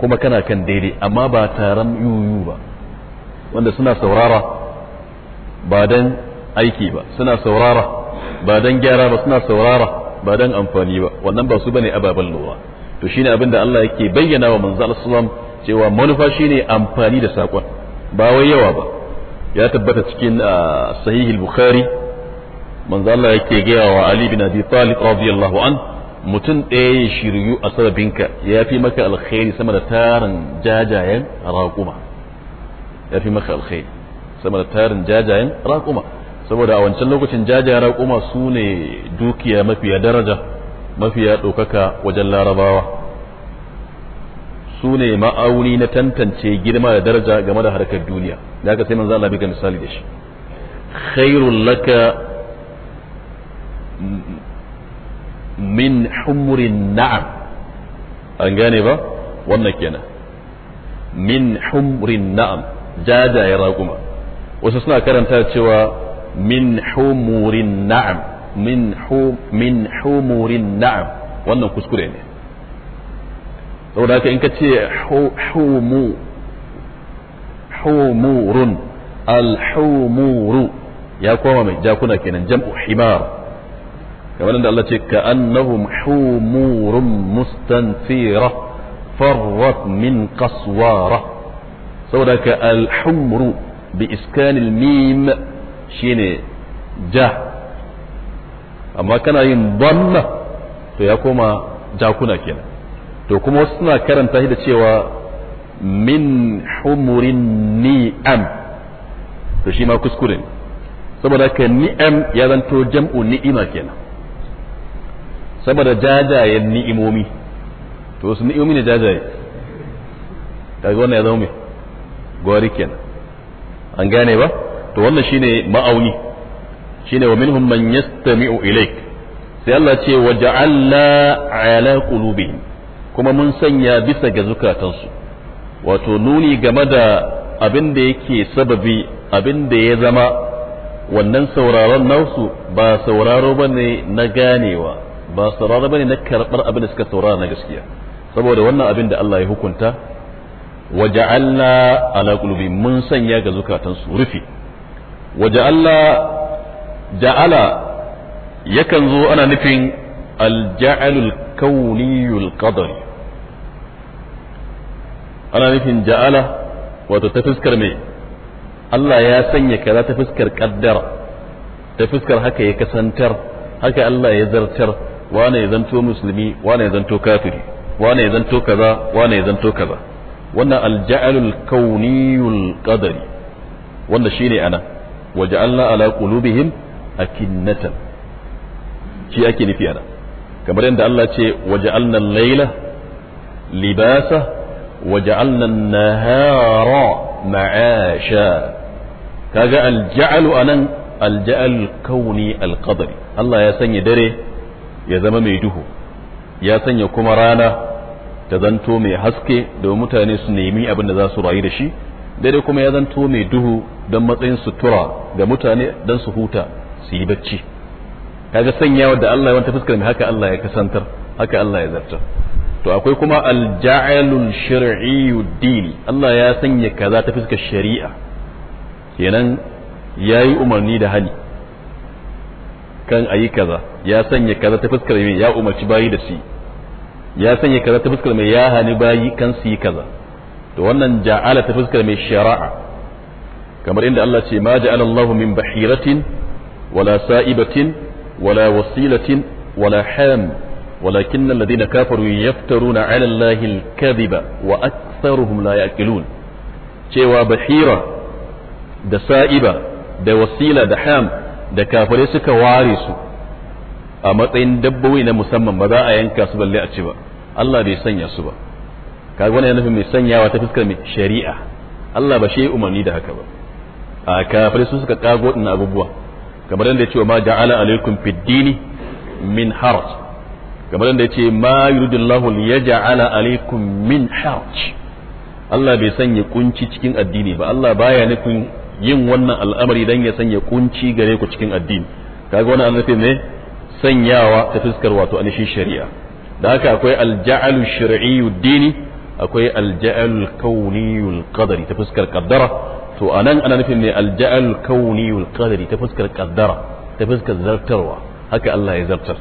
kuma kana kan daidai amma ba taron yuyu ba wanda suna saurara ba dan aiki ba suna saurara ba dan gyara ba suna saurara ba dan amfani ba wannan ba su bane ababen lura to shine abin da Allah yake bayyana wa manzo Allah cewa manufa shine amfani da sakon ba wai yawa ba ya tabbata cikin ah, sahih al-bukhari manzo Allah yake gaya wa Ali bin Abi Talib radiyallahu an mutum ɗaya ya shiryu a sababinka ya fi maka alkhairi sama da tarin jajayen raƙuma ya fi maka alkhairi sama da tarin jajayen raƙuma saboda a wancan lokacin jajayen raƙuma su ne dukiya mafiya daraja mafiya ɗaukaka wajen larabawa su ne ma'auni na tantance girma da daraja game da harkar duniya da haka sai manzo Allah bi misali da shi khairul laka min humurin na'am an gane ba wannan kenan min humrin na'am jajayen raƙuma wasu suna karanta cewa min humurin na'am min humurin na'am wannan kuskure ne saboda haka in ka ce humurun alhumuru ya koma mai jakuna kenan jam'u himar kamar da Allah ce ka annahum humurun mustanfira farrat min kaswara saboda ka alhumru bi iskanil mim shine ja amma kana yin dalla to ya koma ja kuna kenan to kuma wasu suna karanta shi da cewa min humurin ni'am to shi ma kuskure saboda ka ni'am ya zanto jam'u ni'ima kenan saboda jajayen ni'imomi to wasu ni'imomi ne jajaye kaga wannan ya zama mai gwari kenan an gane ba to wannan shine ma'auni shine wa minhum man yastami'u ilaik sai Allah ce wa ja'alna ala qulubihim kuma mun sanya bisa ga zukatansu wato nuni game da abin da yake sababi abin da ya zama wannan sauraron nausu ba sauraro bane na ganewa ba sauraro bane na karɓar abin da suka saurara na gaskiya saboda wannan abin da Allah ya hukunta waja'alna ala qulubi mun sanya ga zukatansu rufi waja'alna ja'ala yakan zo ana nufin alja'alul kauniyul qadari ana nufin ja'ala wato ta fuskar mai Allah ya sanya kaza ta fuskar kaddara ta fuskar haka ya kasantar haka Allah ya zartar wane ya zanto musulmi wane ya zanto kafiri wane kaza wane kaza wannan alja'alul kauniyul qadari wanda shine ana waja'alna ala qulubihim akinnatan shi ake nufi ana kamar yadda Allah ce waja'alna Layla. laila libasa waja'alna an-nahara ma'asha kaga alja'alu anan alja'al kauni alqadari. Allah ya sanya dare ya zama mai duhu ya sanya kuma rana ta zanto mai haske domin mutane su nemi abin da za su rayu da shi daidai kuma ya zanto mai duhu don matsayin sutura ga mutane don su huta su yi bacci kaga sanyawa da Allah ya wanta fuskar mai haka Allah ya kasantar haka Allah ya zartar to akwai kuma alja'alul shar'iyyu din Allah ya sanya kaza ta fuskar shari'a kenan yayi umarni da hali kan ayi kaza ya sanya kaza ta fuskar ya umarci bayi da shi ya sanya kaza ta fuskar mai ya hani bayi kan su yi kaza to wannan ja'ala ta fuskar mai shari'a kamar inda Allah ce ma ja'ala Allah min bahiratin wala sa'ibatin wala wasilatin wala ham ولكن الذين كفروا يفترون على الله الكذب وأكثرهم لا يأكلون cewa bahira da sa'iba da wasila da ham da kafirai suka ware su a matsayin dabbobi na musamman ba za a yanka su balle a ci ba Allah bai sanya su ba kaga wannan yana nufin mai sanyawa ta fuskar mai shari'a Allah ba shi umarni da haka ba a kafirai su suka kago ɗin abubuwa kamar yadda ya ce ma ja'ala alaikum fiddini min haraj kamar yadda ya ce ma ya ja'ala alaikum min haraj Allah bai sanya kunci cikin addini ba Allah baya nufin yin wannan al'amari dan ya sanya kunci gare ku cikin addini kaga wannan an ne sanyawa ta fuskar wato anishin shari'a da haka akwai alja'alu shar'iyyu dini akwai alja'alu kauniyul qadari ta fuskar qaddara to anan ana nufin ne alja'alu kauniyul qadari ta fuskar qaddara ta fuskar zartarwa haka Allah ya zartar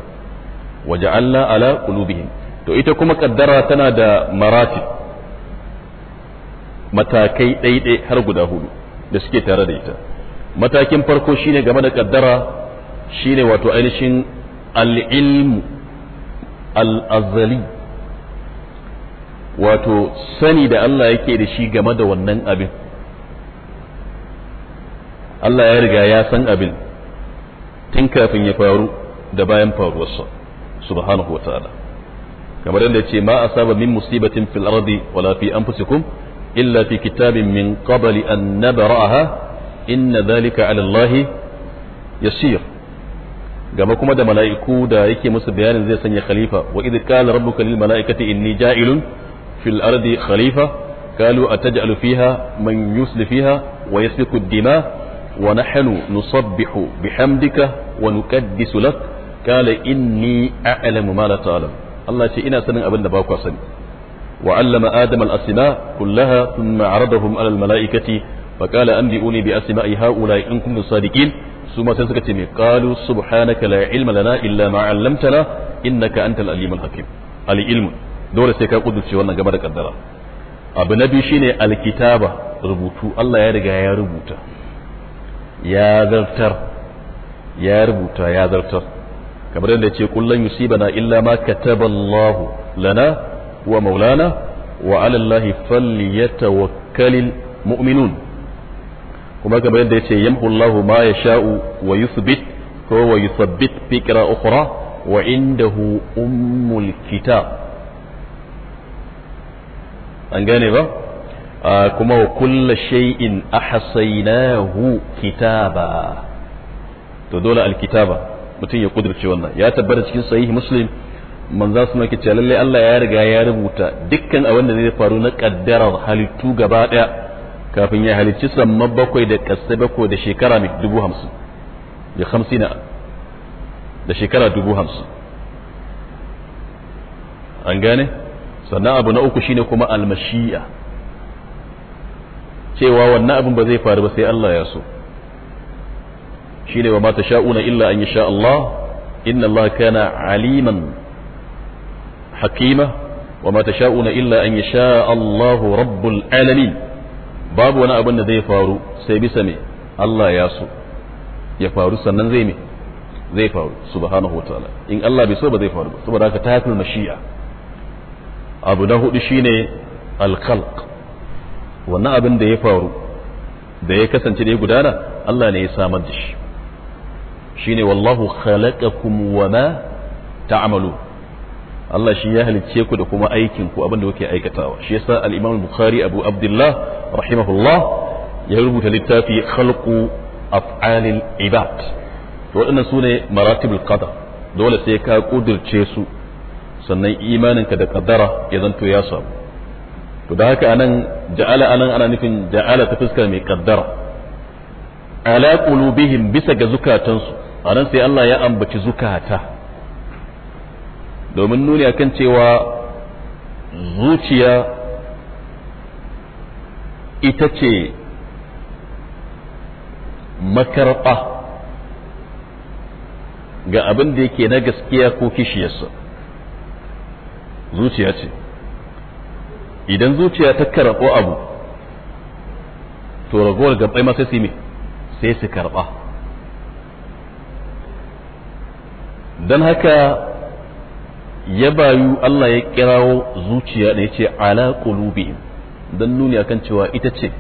waja'alna ala qulubihim to ita kuma qaddara tana da maratib matakai ɗaiɗai har guda hudu da suke tare da ita matakin farko shine game da kaddara shine wato ainihin al'ilmu al'azali wato sani da Allah yake da shi game da wannan abin Allah ya riga ya san abin tun kafin ya faru da bayan faruwarsa subhanahu wa ta'ala kamar yadda ce ma asaba min musibatin fil ardi wala fi anfusikum illa fi kitabin min qabli an nabra'aha inna dhalika 'ala Allah yasir gaba kuma da mala'iku da yake musu bayanin zai sanya khalifa wa idh qala rabbuka lil mala'ikati inni ja'ilun fil ardi khalifa قالوا أتجعل فيها من يسل فيها ويسفك الدماء ونحن نصبح بحمدك ونكدس لك قال إني أعلم ما لا تعلم الله شيء إنا سنن أبن باقوا سن وعلم آدم الأسماء كلها ثم عرضهم على الملائكة fa qala anbi'uni bi asma'i haula in kuntum sadiqin suma ma sai suka ce me qalu subhanaka ilma lana illa ma 'allamtana innaka antal alimul hakim al ilmu dole sai ka kudurce wannan gama da kaddara abu na biyu shine alkitaba rubutu Allah ya riga ya rubuta ya zartar ya rubuta ya zartar kamar yadda ce kullun yusibana illa ma kataballahu lana wa maulana wa ala allahi falyatawakkalul mu'minun kuma kamar yadda yace yamhu Allahu ma yasha'u wa yuthbit ko wa yuthabbit fi ukhra wa indahu ummul kitab an gane ba kuma wa kullu shay'in ahsaynahu kitaba to dole alkitaba mutum ya kudurce wannan ya tabbata cikin sahih muslim su suna ke lallai Allah ya riga ya rubuta dukkan abin da zai faru na kaddarar halittu gaba daya kafin ya halicci samman bakwai da ƙasa bakwai da shekara mai dubu hamsin da hamsina da shekara dubu hamsin an gane sannan abu na uku shine kuma almashi'a cewa wannan abin ba zai faru ba sai Allah ya so shine wa ma sha'una illa an yasha Allah inna Allah kana aliman hakima wa ma sha'una illa an yasha Allahu rabbul alamin babu wani abin da zai faru sai bisa me Allah ya so ya faru sannan zai me zai faru subhanahu wataala in Allah bai so ba zai faru ba saboda haka tafil mashi'a abu na hudu shine al-khalq wannan abin da ya faru da ya kasance da ya gudana Allah ne ya samar da shi shine wallahu khalaqakum wa ma ta'malu Allah shi ya halicce ku da kuma aikin ku abin da kuke aikatawa shi yasa al-Imam Bukhari Abu Abdullah rahimahullah ya rubuta littafi khalqu af'alil ibad to waɗannan sune maratibul qadar dole sai ka kudirce su sannan imaninka da kaddara ya zanto ya samu to da haka anan ja'ala anan ana nufin ja'ala ta fuska mai kaddara ala qulubihim bisa ga zukatansu anan sai Allah ya ambaci zukata domin nuni akan cewa zuciya ita ce makarɓa ga abin da yake na gaskiya ko kishiyarsa zuciya ce idan zuciya ta karɓo abu to ragowar gabai masu sime sai su karɓa don haka ya bayu Allah ya kirawo zuciya da ya ce ala qulubihim dan nuni akan cewa ita ce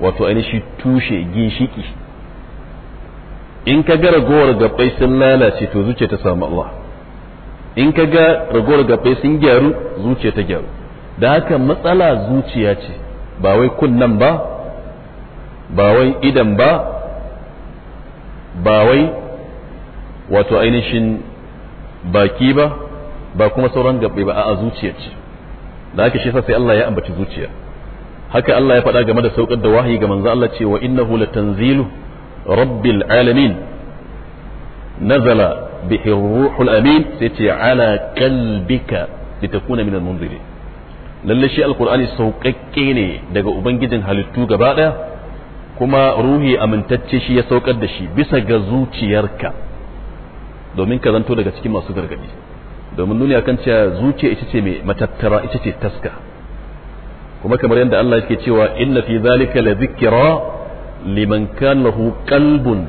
wato ainihin tushe ginshiki in ka ga ragowar gabbai sun lalace to zuciya ta samu Allah in ka ga ragowar gabbai sun gyaru zuciya ta gyaru da haka matsala zuciya ce ba wai kunnan ba ba wai idan ba ba wai wato ainihin baki ba ba kuma sauran gabbe ba a zuciya ce da haka shi sai Allah ya ambaci zuciya haka Allah ya faɗa game da saukar da wahayi ga manzo Allah ce innahu latanzilu rabbil alamin nazala bihi ruhul amin sai ce ala kalbika litakuna min al lalle shi alqur'ani saukakke ne daga ubangijin halittu gaba daya kuma ruhi amintacce shi ya saukar da shi bisa ga zuciyarka domin ka zanto daga cikin masu gargadi domin nuni akan cewa zuciya ita ce mai matattara ita ce taska kuma kamar yadda Allah yake cewa inna fi zalika la dhikra liman kana lahu qalbun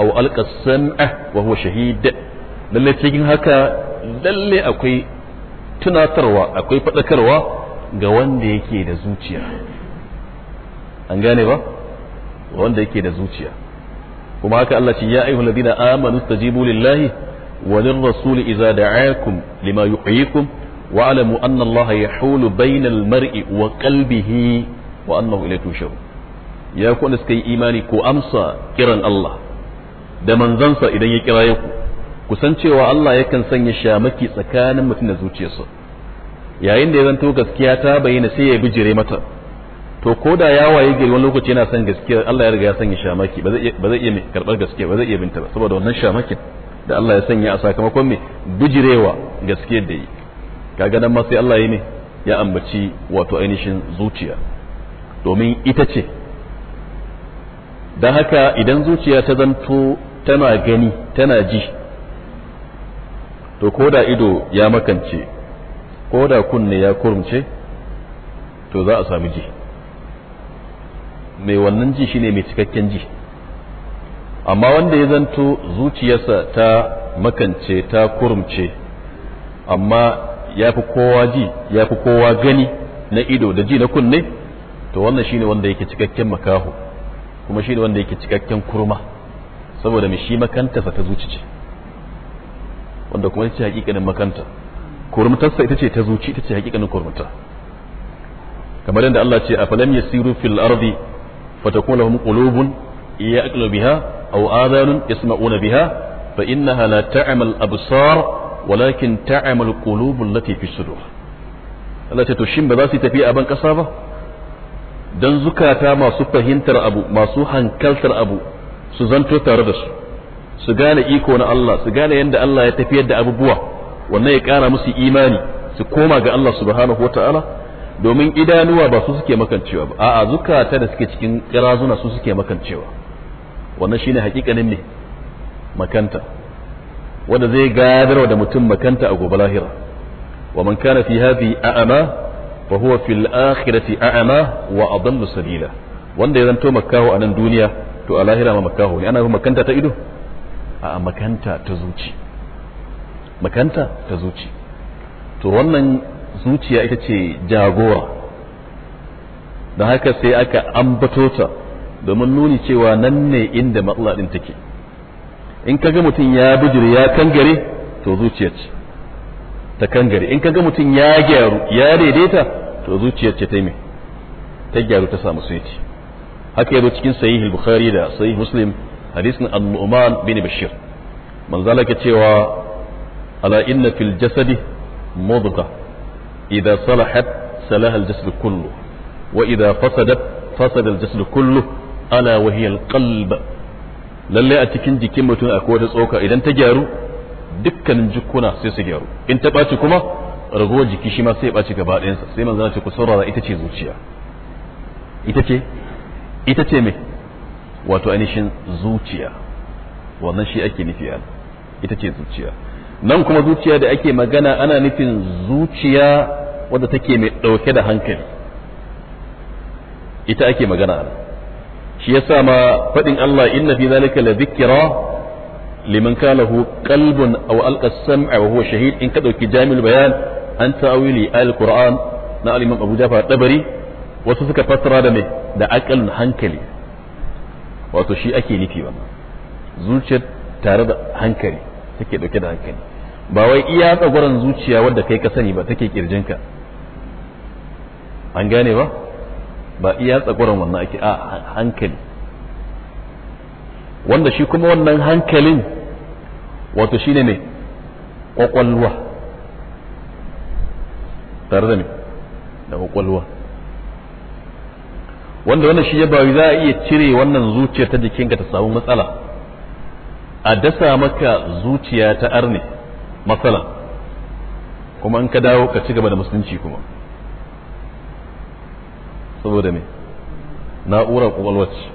aw alqa sam'a wa huwa shahid lalle cikin haka lalle akwai tunatarwa akwai fadakarwa ga wanda yake da zuciya an gane ba wanda yake da zuciya kuma haka Allah ce ya ayyuhal ladina amanu stajibu lillahi wa lirrasuli idza da'akum lima yuhyikum wa alamu anna Allah yahulu bainal mar'i wa qalbihi wa annahu ilayhi tushur ya ku suka yi imani ko amsa kiran Allah da manzansa idan ya kira ku kusan cewa Allah yakan sanya shamaki tsakanin mutum da zuciyarsa yayin da ya zanto gaskiya ta bayyana sai ya bijire mata to ko da ya waye gari wani lokaci yana son gaskiya Allah ya riga ya sanya shamaki ba zai iya karɓar gaskiya ba zai iya binta ba saboda wannan shamakin da Allah ya sanya a sakamakon me bijirewa gaskiyar da yi kaga nan ma sai Allah ya ne ya ambaci wato ainihin zuciya domin ita ce dan haka idan zuciya ta zanto tana gani tana ji to ko da ido ya makance ko da kunne ya kurumce to za a sami ji mai wannan ji shine mai cikakken ji amma wanda ya zanto zuciyarsa ta makance ta kurumce amma ya fi kowa ji ya fi kowa gani na ido da ji na kunne to wannan shine wanda yake cikakken makaho kuma shine wanda yake cikakken kurma saboda mai shi makantarsa ta zuci ce wanda kuma ce hakikanin makanta kurmutarsa ita ce ta zuci ita ce hakikanin kurmuta kamar yadda Allah ce a falam yasiru fil ardi فتكون لهم قلوب يأكل بها أو آذان يسمعون بها فإنها لا تعمى الأبصار ولكن تعمى القلوب التي في الصدور التي تشم بذاتي تفي أبا كصابة dan zukata masu fahimtar abu masu hankaltar abu su zanto tare da su su gane iko na Allah su gane yadda Allah ya tafiyar da abubuwa wannan ya kara musu imani su koma ga Allah subhanahu domin idanuwa ba su suke makancewa ba a'a zukata da suke cikin kirazuna su suke makancewa wannan shine hakikanin ne makanta wanda zai gadarwa da mutum makanta a gobe lahira wa man kana fi hadhihi a'ama fa huwa fil akhirati a'ama wa adallu sabila wanda ya zanto makaho a nan duniya to a lahira ma makaho ne ana makanta ta ido a makanta ta zuci makanta ta zuci to wannan zuciya ita ce jagora da haka sai aka ambato ta domin nuni cewa nan ne inda matsala ɗin take in kaga mutum ya bijir ya kangare to zuciya ce ta kangare in kaga mutum ya gyaru ya daidaita to zuciyar ce ta yi ta gyaru ta samu suci haka yazo cikin sahih bukhari da sahih muslim hadisin al-nu'man bin bashir manzo Allah cewa ala inna fil jasadi mudghah idza salahat salaha al-jasad wa idza fasadat fasada al-jasad kullu ala wa hiya a cikin jikin mutum akwai wata tsoka idan ta gyaru dukkanin jikuna sai su gyaru in ta ɓaci kuma ragowar jiki shi ma sai ya ɓaci sai manzo ce ku saurara ita ce zuciya ita ce ita ce me wato zuciya wannan shi ake nufi ita ce zuciya nan kuma zuciya da ake magana ana nufin zuciya wadda take mai ɗauke da hankali ita ake magana shi yasa ma faɗin Allah inna fi zalika la dhikra liman kana lahu qalbun aw alqa sam'a wa huwa shahid in ka dauki jami'ul bayan an ta'wili al-Qur'an na al-Imam Abu Jafar Tabari wasu suka fassara da me da aqalun hankali wato shi ake nufi wannan zuciya tare da hankali take dauke da hankali ba wai iya tsagoran zuciya wadda kai ka sani ba take kirjinka an gane ba ba iya tsagoran wannan ake a hankali wanda shi kuma wannan hankalin wato shine ne kwakwalwa tare da ne da kwakwalwa wanda wannan shi ya bawi za a iya cire wannan zuciyar ta jikinka ta samu matsala a dasa maka zuciya ta arne matsala kuma in ka dawo ka ci gaba da musulunci kuma saboda me na'urar kwakwalwaci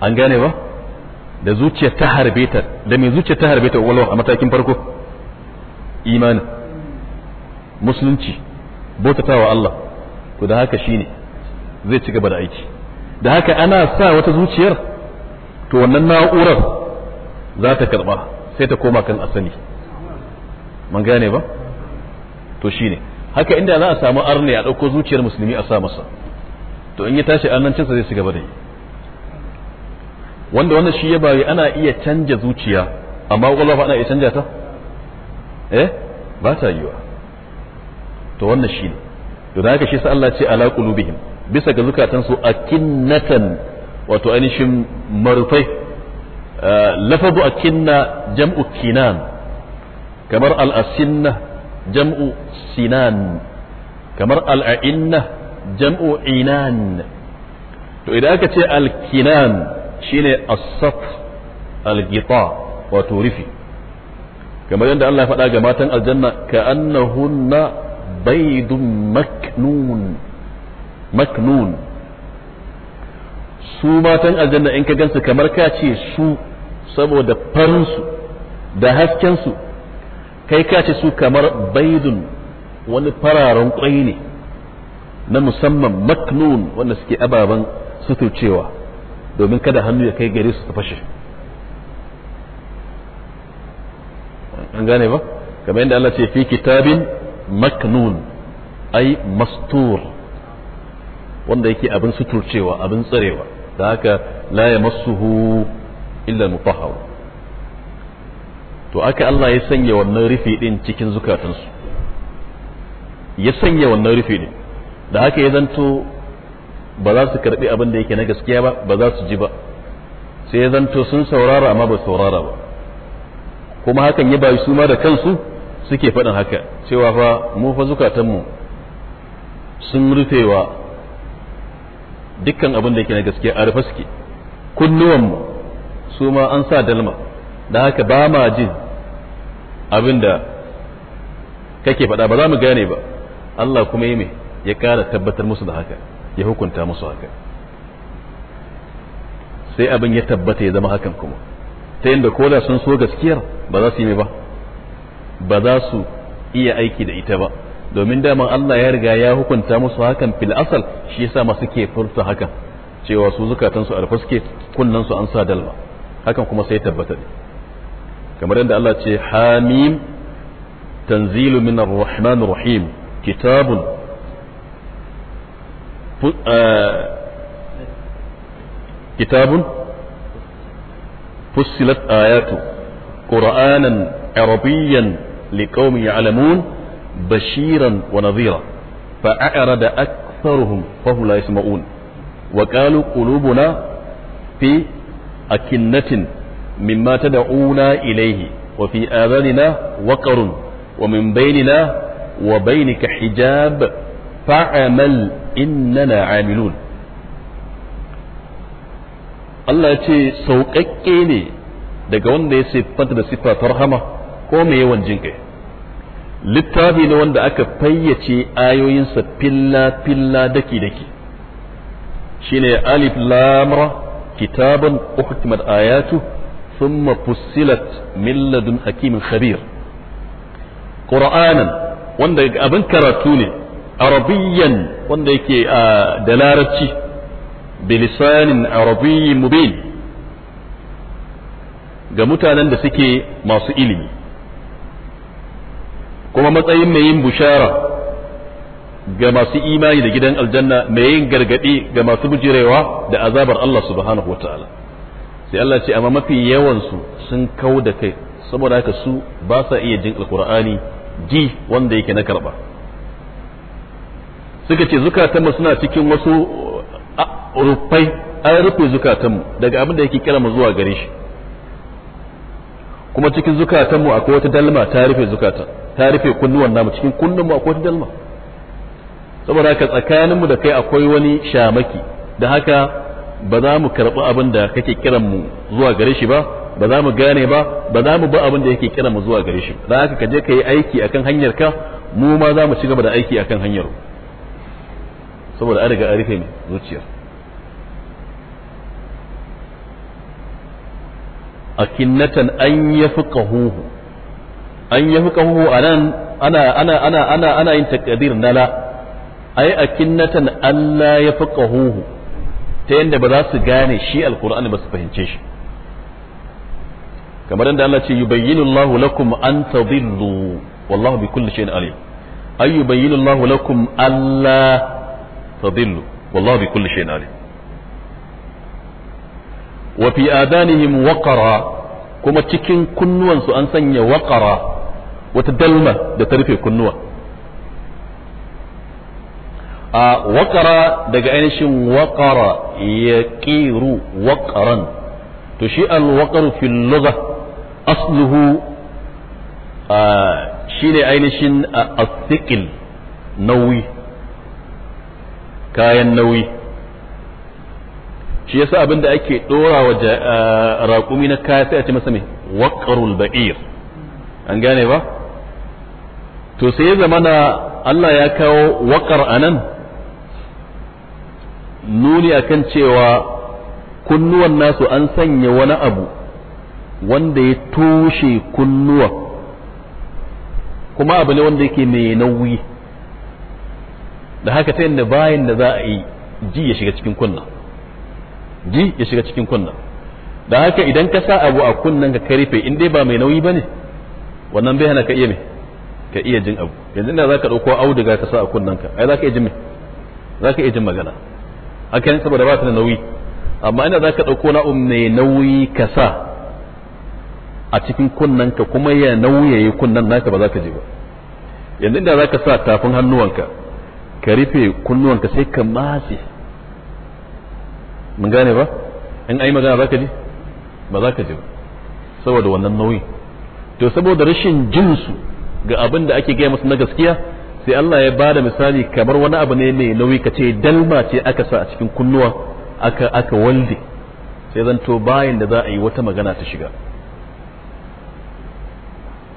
an gane ba da zuciya ta harbe ta da mai zuciya ta harbe ta kwakwalwa a matakin farko imani musulunci bautatawa Allah to da haka shine zai ci gaba da aiki da haka ana sa wata zuciyar to wannan na'urar za ta karba sai ta koma kan asali man gane ba to shine haka inda za a samu arne a ɗauko zuciyar musulmi a sa masa to in ya tashi annancinsa zai su gaba da yi wanda wannan shi ya bari ana iya canja zuciya amma ƙwaƙwalwa ba ana iya canja ta eh ba ta yiwa to wannan shi ne don haka shi sa Allah ce ala qulubihim bisa ga zukatansu akinnatan wato ainihin marufai eh, lafazu akinna jam'u kinan kamar al'asinna jam'u sinan kamar al'a'inna jam'u inan to idan aka ce alkinan shine asaf sat al-gita wato rufi kamar yadda Allah ya faɗa ga matan aljanna ka annahunna baydun maknun maknun su matan aljanna in ka gansu kamar ka ce su saboda farinsu da haskensu kai ka ce su kamar baidun wani fararen kwai ne na musamman maknun wanda suke ababen suturcewa domin kada hannu ya kai gare su ta fashe an gane ba kamar yadda Allah ce fi kitabin maknun ai mastur wanda yake abin suturcewa abin tsarewa da haka la masuhu illa mutahhar to aka Allah ya sanya wannan rufi din cikin zukatansu ya sanya wannan rufi din da haka ya zanto ba za su karbi abin da yake na gaskiya ba ba za su ji ba sai ya zanto sun saurara amma ba saurara ba kuma hakan ya bayi su ma da kansu suke faɗin haka cewa fa mu fa zukatanmu sun rufewa dukkan abin da yake na gaskiya a rufe suke kunnuwanmu su ma an sa dalma da haka ba ma jin abin da kake faɗa ba za mu gane ba Allah kuma yi mai ya ƙara tabbatar musu da haka ya hukunta musu haka sai abin ya tabbata ya zama hakan kuma ta yadda ko da sun so gaskiyar ba za su yi mai ba ba za su iya aiki da ita ba domin daman Allah ya riga ya hukunta musu hakan fil asal shi yasa masu ke furta hakan cewa su zukatan su arfa kunnan su an sa dalma hakan kuma sai tabbata ne kamar yadda Allah ce hamim tanzilu min ar-rahman rahim kitabun eh, kitabun fussilat ayatu qur'anan arabiyyan liqaumin ya'lamun bashiran wa nadhira fa a'rada aktharuhum fa hum la yasma'un wa qalu qulubuna fi akinnatin mimma tad'una ilayhi wa fi adhanina waqrun wa min bainina wa bainaka hijab fa'amal innana 'amilun Allah ya ce sauƙaƙƙe ne daga wanda ya siffanta da siffa ta rahama ko mai yawan jin littafi ne wanda aka fayyace ayoyinsa filla-filla daki-daki shine alif lamra kitabun uhkimat ayatu thumma fussilat min ladun hakimin khabir qur'anan wanda abin karatu ne arabiyan wanda yake da larabci bilisanin arabiyyin mubin ga mutanen da suke masu ilimi kuma matsayin mai yin bushara ga masu imani da gidan aljanna mai yin gargadi ga masu bujirewa da azabar Allah subhanahu wa ta'ala sai Allah ce amma mafi yawansu sun kau da kai saboda haka su ba sa iya jin alkur'ani ji wanda yake na karba suka ce zukatanmu suna cikin wasu rufai an rufe zukatanmu daga abin da yake kira mu zuwa gare shi kuma cikin zukatanmu akwai wata dalma ta rufe zukata ta rufe kunnuwan namu cikin kunnunmu akwai wata dalma saboda haka tsakaninmu da kai akwai wani shamaki da haka ba za mu karɓi abin da kake kiran mu zuwa gare shi ba ba za mu gane ba ba za mu ba abin da yake kiran mu zuwa gare shi da haka ka je ka yi aiki akan hanyar ka mu ma za mu ci gaba da aiki akan hanyar saboda an riga an rufe zuciyar akinnatan an yafqahuhu an yafqahuhu anan ana ana ana ana ana yin taqdir na la ai akinnatan alla yafqahuhu ta yanda ba za su gane shi alkurani ba su fahimce shi kamar yadda Allah ce yubayyinu Allahu lakum an tadillu wallahu bi kulli shay'in alim ay yubayyinu lakum tadillu wallahu bi kulli shay'in alim wa fi adanihim waqara kuma cikin kunnuwansu an sanya waƙara wata dalma da ta rufe kunnuwa a waqara daga ainihin waqara ya qiru waqaran to shi al-waqaru fil lugha asluhu shine ainihin as nauyi kayan nauyi shi yasa abin da ake dora wa raƙumi na kaya sai a ce masa mai waƙarul ba'ir an gane ba to sai ya zama na Allah ya kawo waƙar a nan nuni akan cewa kunnuwan nasu an sanya wani abu wanda ya toshe kunnuwa kuma abu ne wanda yake mai nauyi da haka ta yadda bayan da za a yi ji ya shiga cikin kunna ji ya shiga cikin kunna da haka idan ka sa abu a kunnan ka ka rufe in dai ba mai nauyi bane wannan bai hana ka iya mai ka iya jin abu yanzu inda zaka dauko auduga ka sa a kunnan ka ai zaka iya jin me zaka iya jin magana hakan saboda ba ta da nauyi amma inda zaka dauko na um mai nauyi ka sa a cikin kunnan ka kuma ya yi kunnan naka ba za ka ji ba yanzu inda zaka sa tafin hannuwanka ka rufe kunnuwanka sai ka matse mun gane ba in ai magana za ka ji ba za ka ji ba saboda wannan nauyi to saboda rashin jinsu ga abin da ake gaya musu na gaskiya sai Allah ya bada misali kamar wani abu ne mai nauyi ka ce dalma ce aka sa a cikin kunnuwa aka aka walde sai zan to bayan da za a yi wata magana ta shiga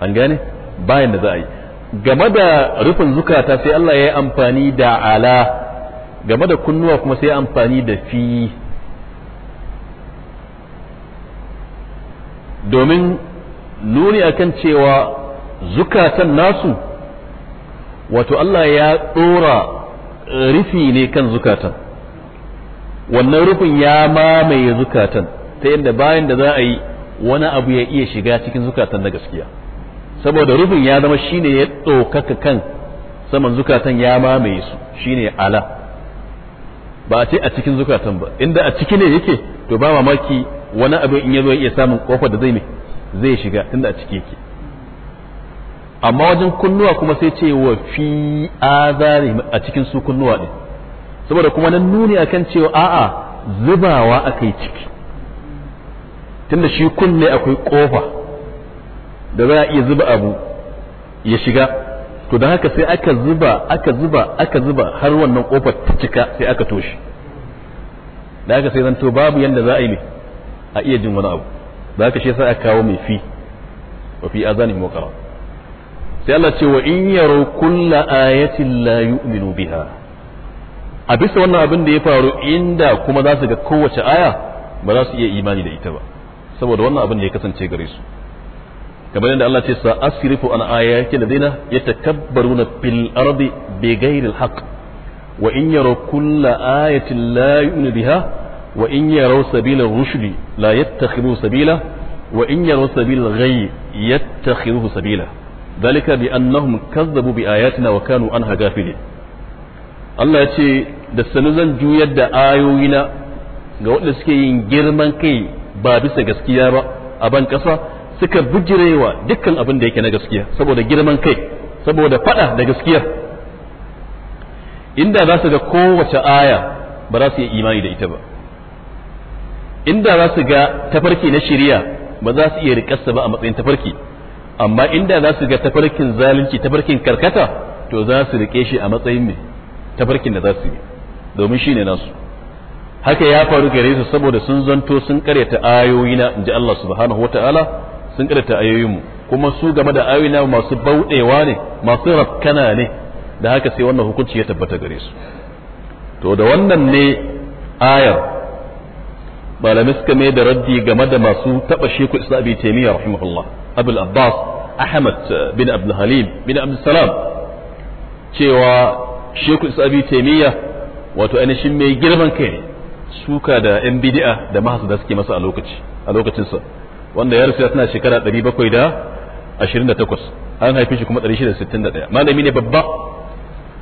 an gane bayan da za a yi game da rufin zukata sai Allah ya yi amfani da ala game da kunnuwa kuma sai amfani da fi domin nuni kan cewa zukatan nasu wato Allah ya ɗora rufi ne kan zukatan wannan rufin ya mamaye zukatan ta yadda bayan da za a yi wani abu ya iya shiga cikin zukatan na gaskiya saboda rufin ya zama shine ya ɗaukaka kan saman zukatan ya mamaye su shine ala ba a ce a cikin zukatan ba inda a ciki ne yake to ba mamaki wani abin in ya zo iya samun kofar da zai ne zai shiga tunda a ciki yake amma wajen kunnuwa kuma sai ce wa fi azari a cikin su kunnuwa din saboda kuma nan nuni akan cewa a'a zubawa akai ciki tunda shi kunne akwai kofa da za a iya zuba abu ya shiga to da haka sai aka zuba aka zuba aka zuba har wannan kofar ta cika sai aka toshe da haka sai zanto babu yanda za a yi ne a iya jin wani abu da haka shi yasa a kawo mai fi wa fi azanihim waqara sai Allah ce wa in yaro kulla ayatin la yu'minu biha a bisa wannan abin da ya faru inda kuma za su ga kowace aya ba za su iya imani da ita ba saboda wannan abin da ya kasance gare su kamar yadda Allah ce sa asrifu an ayati ladina yatakabbaruna fil ardi bighairi alhaq wa in yaro kulla ayatin la yu'minu biha wa in yaraw sabila rushdi la yattakhidhu sabila wa in yaraw sabila sabila Allah ya ce da sanu zan juyar da ayoyina ga waɗanda suke yin girman kai ba bisa gaskiya ba a ban ƙasa suka bujirewa dukkan abin da yake na gaskiya saboda girman kai saboda faɗa da gaskiya inda za su ga kowace aya ba za su yi imani da ita ba inda za su ga tafarki na shiriya ba za su iya rikasta ba a matsayin tafarki amma inda za su ga tafarkin zalunci tafarkin karkata to za su rike shi a matsayin mai tafarkin da za su yi domin shine nasu haka ya faru gare su saboda sun zanto sun karyata ayoyina inji Allah subhanahu wataala sun karyata ayoyinmu kuma su game da ayoyina masu bauɗewa ne masu rafkana ne da haka sai wannan hukunci ya tabbata gare su to da wannan ne ayar malamai suka mai da raddi game da masu taɓa sheku isa abi taimiyya rahimahullah abul abbas ahmad uh, bin abdul halim bin abdul salam cewa sheku isa abi taimiyya wato ainihin mai girman kai ne suka da yan bidi'a da mahasu da suke masa a lokaci a lokacinsa wanda ya rasu tana shekara 728 an haife shi kuma 661 malami ne babba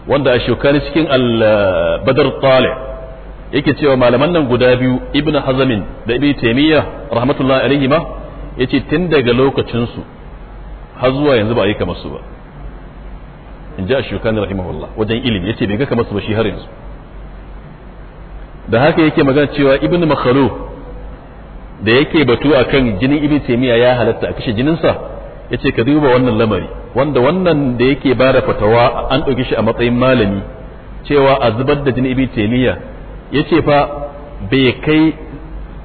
wanda a shekara cikin al-badar uh, talib yake cewa malaman nan guda biyu ibnu hazamin da ibnu taymiya rahmatullahi alaihi ma yace tun daga lokacin su har zuwa yanzu ba a yi kamar su ba in ji ashukani rahimahullah wajen ilimi yace bai ga kamar su ba shi har yanzu da haka yake magana cewa ibnu makhalu da yake batu akan jinin ibnu taymiya ya halatta a kashe jininsa yace ka duba wannan lamari wanda wannan da yake bada fatawa an ɗauki shi a matsayin malami cewa a zubar da jinin ibnu Taimiyya. yace fa bai kai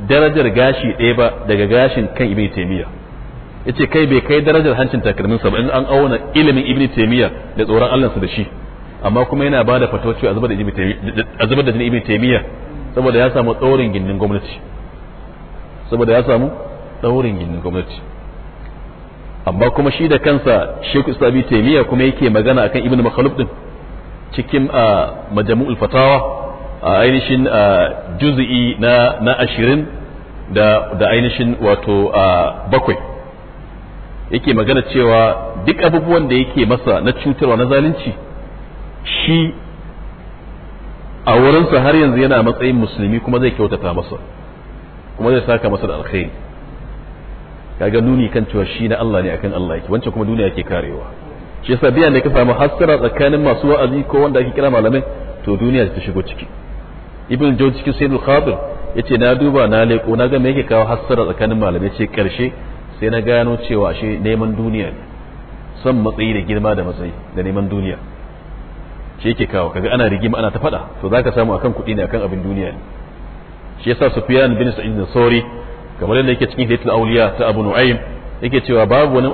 darajar gashi ɗaya ba daga gashin kan ibn taymiya yace kai bai kai darajar hancin takalmin sa ba in an auna ilimin ibn taimiyya da tsoron Allah da shi amma kuma yana ba da ibn a azubar da ibn taymiya saboda ya samu tsaurin gindin gwamnati saboda ya samu tsaurin gindin gwamnati amma kuma shi da kansa Sheikh Islam taimiyya kuma yake magana akan Ibn Makhluf din cikin a ah, Majmu'ul Fatawa a ainihin juz'i na na ashirin da da ainihin wato bakwai yake magana cewa duk abubuwan da yake masa na cutarwa na zalunci shi a wurinsa har yanzu yana matsayin musulmi kuma zai kyautata masa kuma zai saka masa da alkhairi kaga nuni kan cewa shi na Allah ne akan Allah yake wancan kuma duniya ke karewa shi yasa biya da ka samu hasara tsakanin masu wa'azi ko wanda ake kira malamai to duniya ta shigo ciki ibn jawz cikin sayyidul khadir yace na duba na leko na ga me yake kawo hassara tsakanin malamai ce karshe sai na gano cewa shi neman duniya son matsayi da girma da matsayi da neman duniya shi yake kawo kaga ana rigima ana ta fada to zaka samu akan kuɗi ne akan abin duniya ne shi yasa sufyan bin sa'id bin sauri kamar yadda yake cikin hidayatul awliya ta abu nu'aym yake cewa babu wani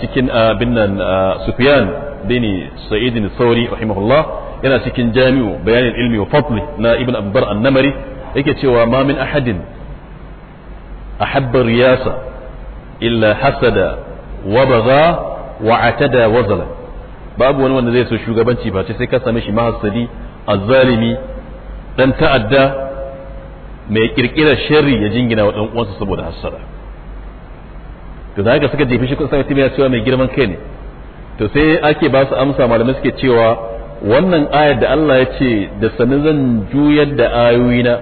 cikin abin nan sufyan bin sa'id bin sauri rahimahullah yana cikin jami'u bayanin ilmi wa fadli na ibn abbar annamari yake cewa ma min ahadin ahabba riyasa illa hasada wa baza wa atada wa zala babu wani wanda zai so shugabanci ba sai ka same shi mahassadi azzalimi dan ta'adda mai kirkirar sharri ya jingina wa dan uwansa saboda hasada to da suka jefe shi kun sai ya mai girman kai ne to sai ake ba su amsa malamai suke cewa wannan ayar da Allah ya ce da sani zan juyar da ayoyina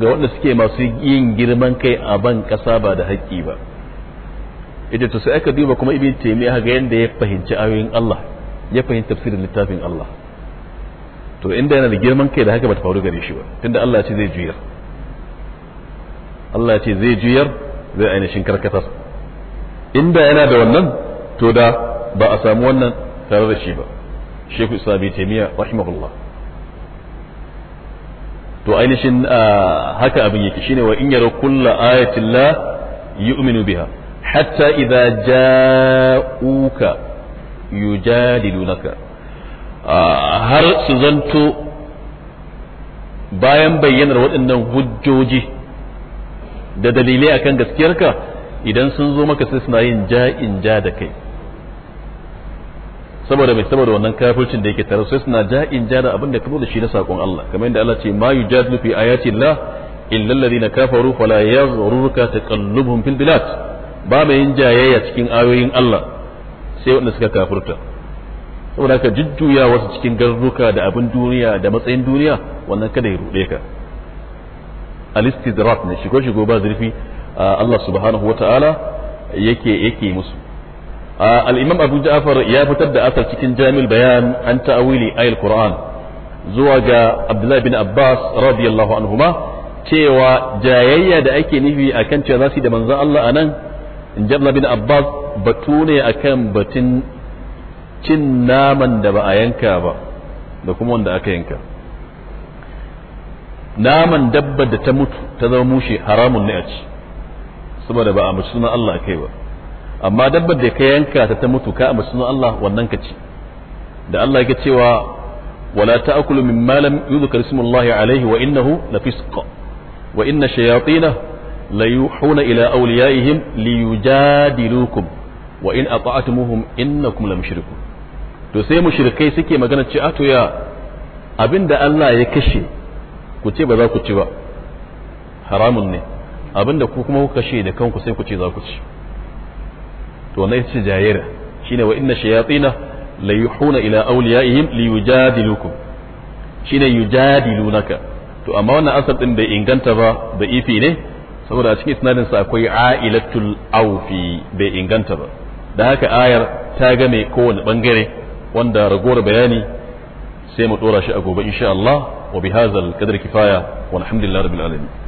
ga wanda suke masu yin girman kai a ban ƙasa ba da haƙƙi ba ita to sai aka duba kuma ibn taymiya ga yanda ya fahimci ayoyin Allah ya fahimci tafsirin littafin Allah to inda yana da girman kai da haka bata faru gare shi ba tunda Allah ya ce zai juyar Allah ya ce zai juyar zai ainihin karkata inda yana da wannan to da ba a samu wannan tare da shi ba shehu isabi taimiyya rahimahullah to ainihin ah, haka abin yake shine wa in yara kulla ayatin la yu'minu biha hatta idza ja'uka yujadilunaka ah, har su zanto bayan bayyanar waɗannan hujjoji da dalilai akan gaskiyarka idan sun zo maka sai suna yin ja'in ja da kai saboda mai saboda wannan kafircin da yake tare sai suna ja'in jada abin da kazo da shi na sakon Allah kamar yadda Allah ce ma yujadlu fi ayati Allah illa alladhina kafaru fala yaghurruka taqallubuhum fil bilad ba mai yin jayayya cikin ayoyin Allah sai wanda suka kafirta saboda ka jujjuya wasu cikin garruka da abin duniya da matsayin duniya wannan kada ya rube ka alistidrak ne shigo shigo ba zurfi Allah subhanahu wataala yake yake musu al-imam abu ja'far ya fitar da asar cikin jami'ul bayan an ta'awili ayil qur'an zuwa ga abdullahi bin abbas radiyallahu anhuma cewa jayayya da ake nufi kan cewa za su da manzon Allah anan jabla bin abbas batu ne akan batun cin naman da ba a yanka ba da kuma wanda aka yanka naman dabba da ta mutu ta zama mushe haramun ne a ci saboda ba a mace sunan Allah kai ba amma dabbar da ka yanka ta ta mutu ka amma sunan Allah wannan ka ci da Allah ya cewa wala ta'kulu mimma lam yuzkar ismullahi alaihi wa innahu lafisq wa inna shayatina la yuhuna ila awliyaihim liyujadilukum wa in ata'tumuhum innakum lamushrikun to sai mushrikai suke magana ce a to ya abinda Allah ya kashe ku ce ba za ku ci ba haramun ne abinda ku kuma ku kashe da kanku sai ku ce za ku ci to na ce jayira shine wa inna shayatina la yuhuna ila awliyaihim li yujadilukum shine yujadilunaka to amma wannan asar din bai inganta ba da ifi ne saboda a cikin isnadin sa akwai ailatul awfi bai inganta ba da haka ayar ta game kowane bangare wanda ragowar bayani sai mu dora shi a gobe insha Allah wa bihazal qadri kifaya walhamdulillahi rabbil alamin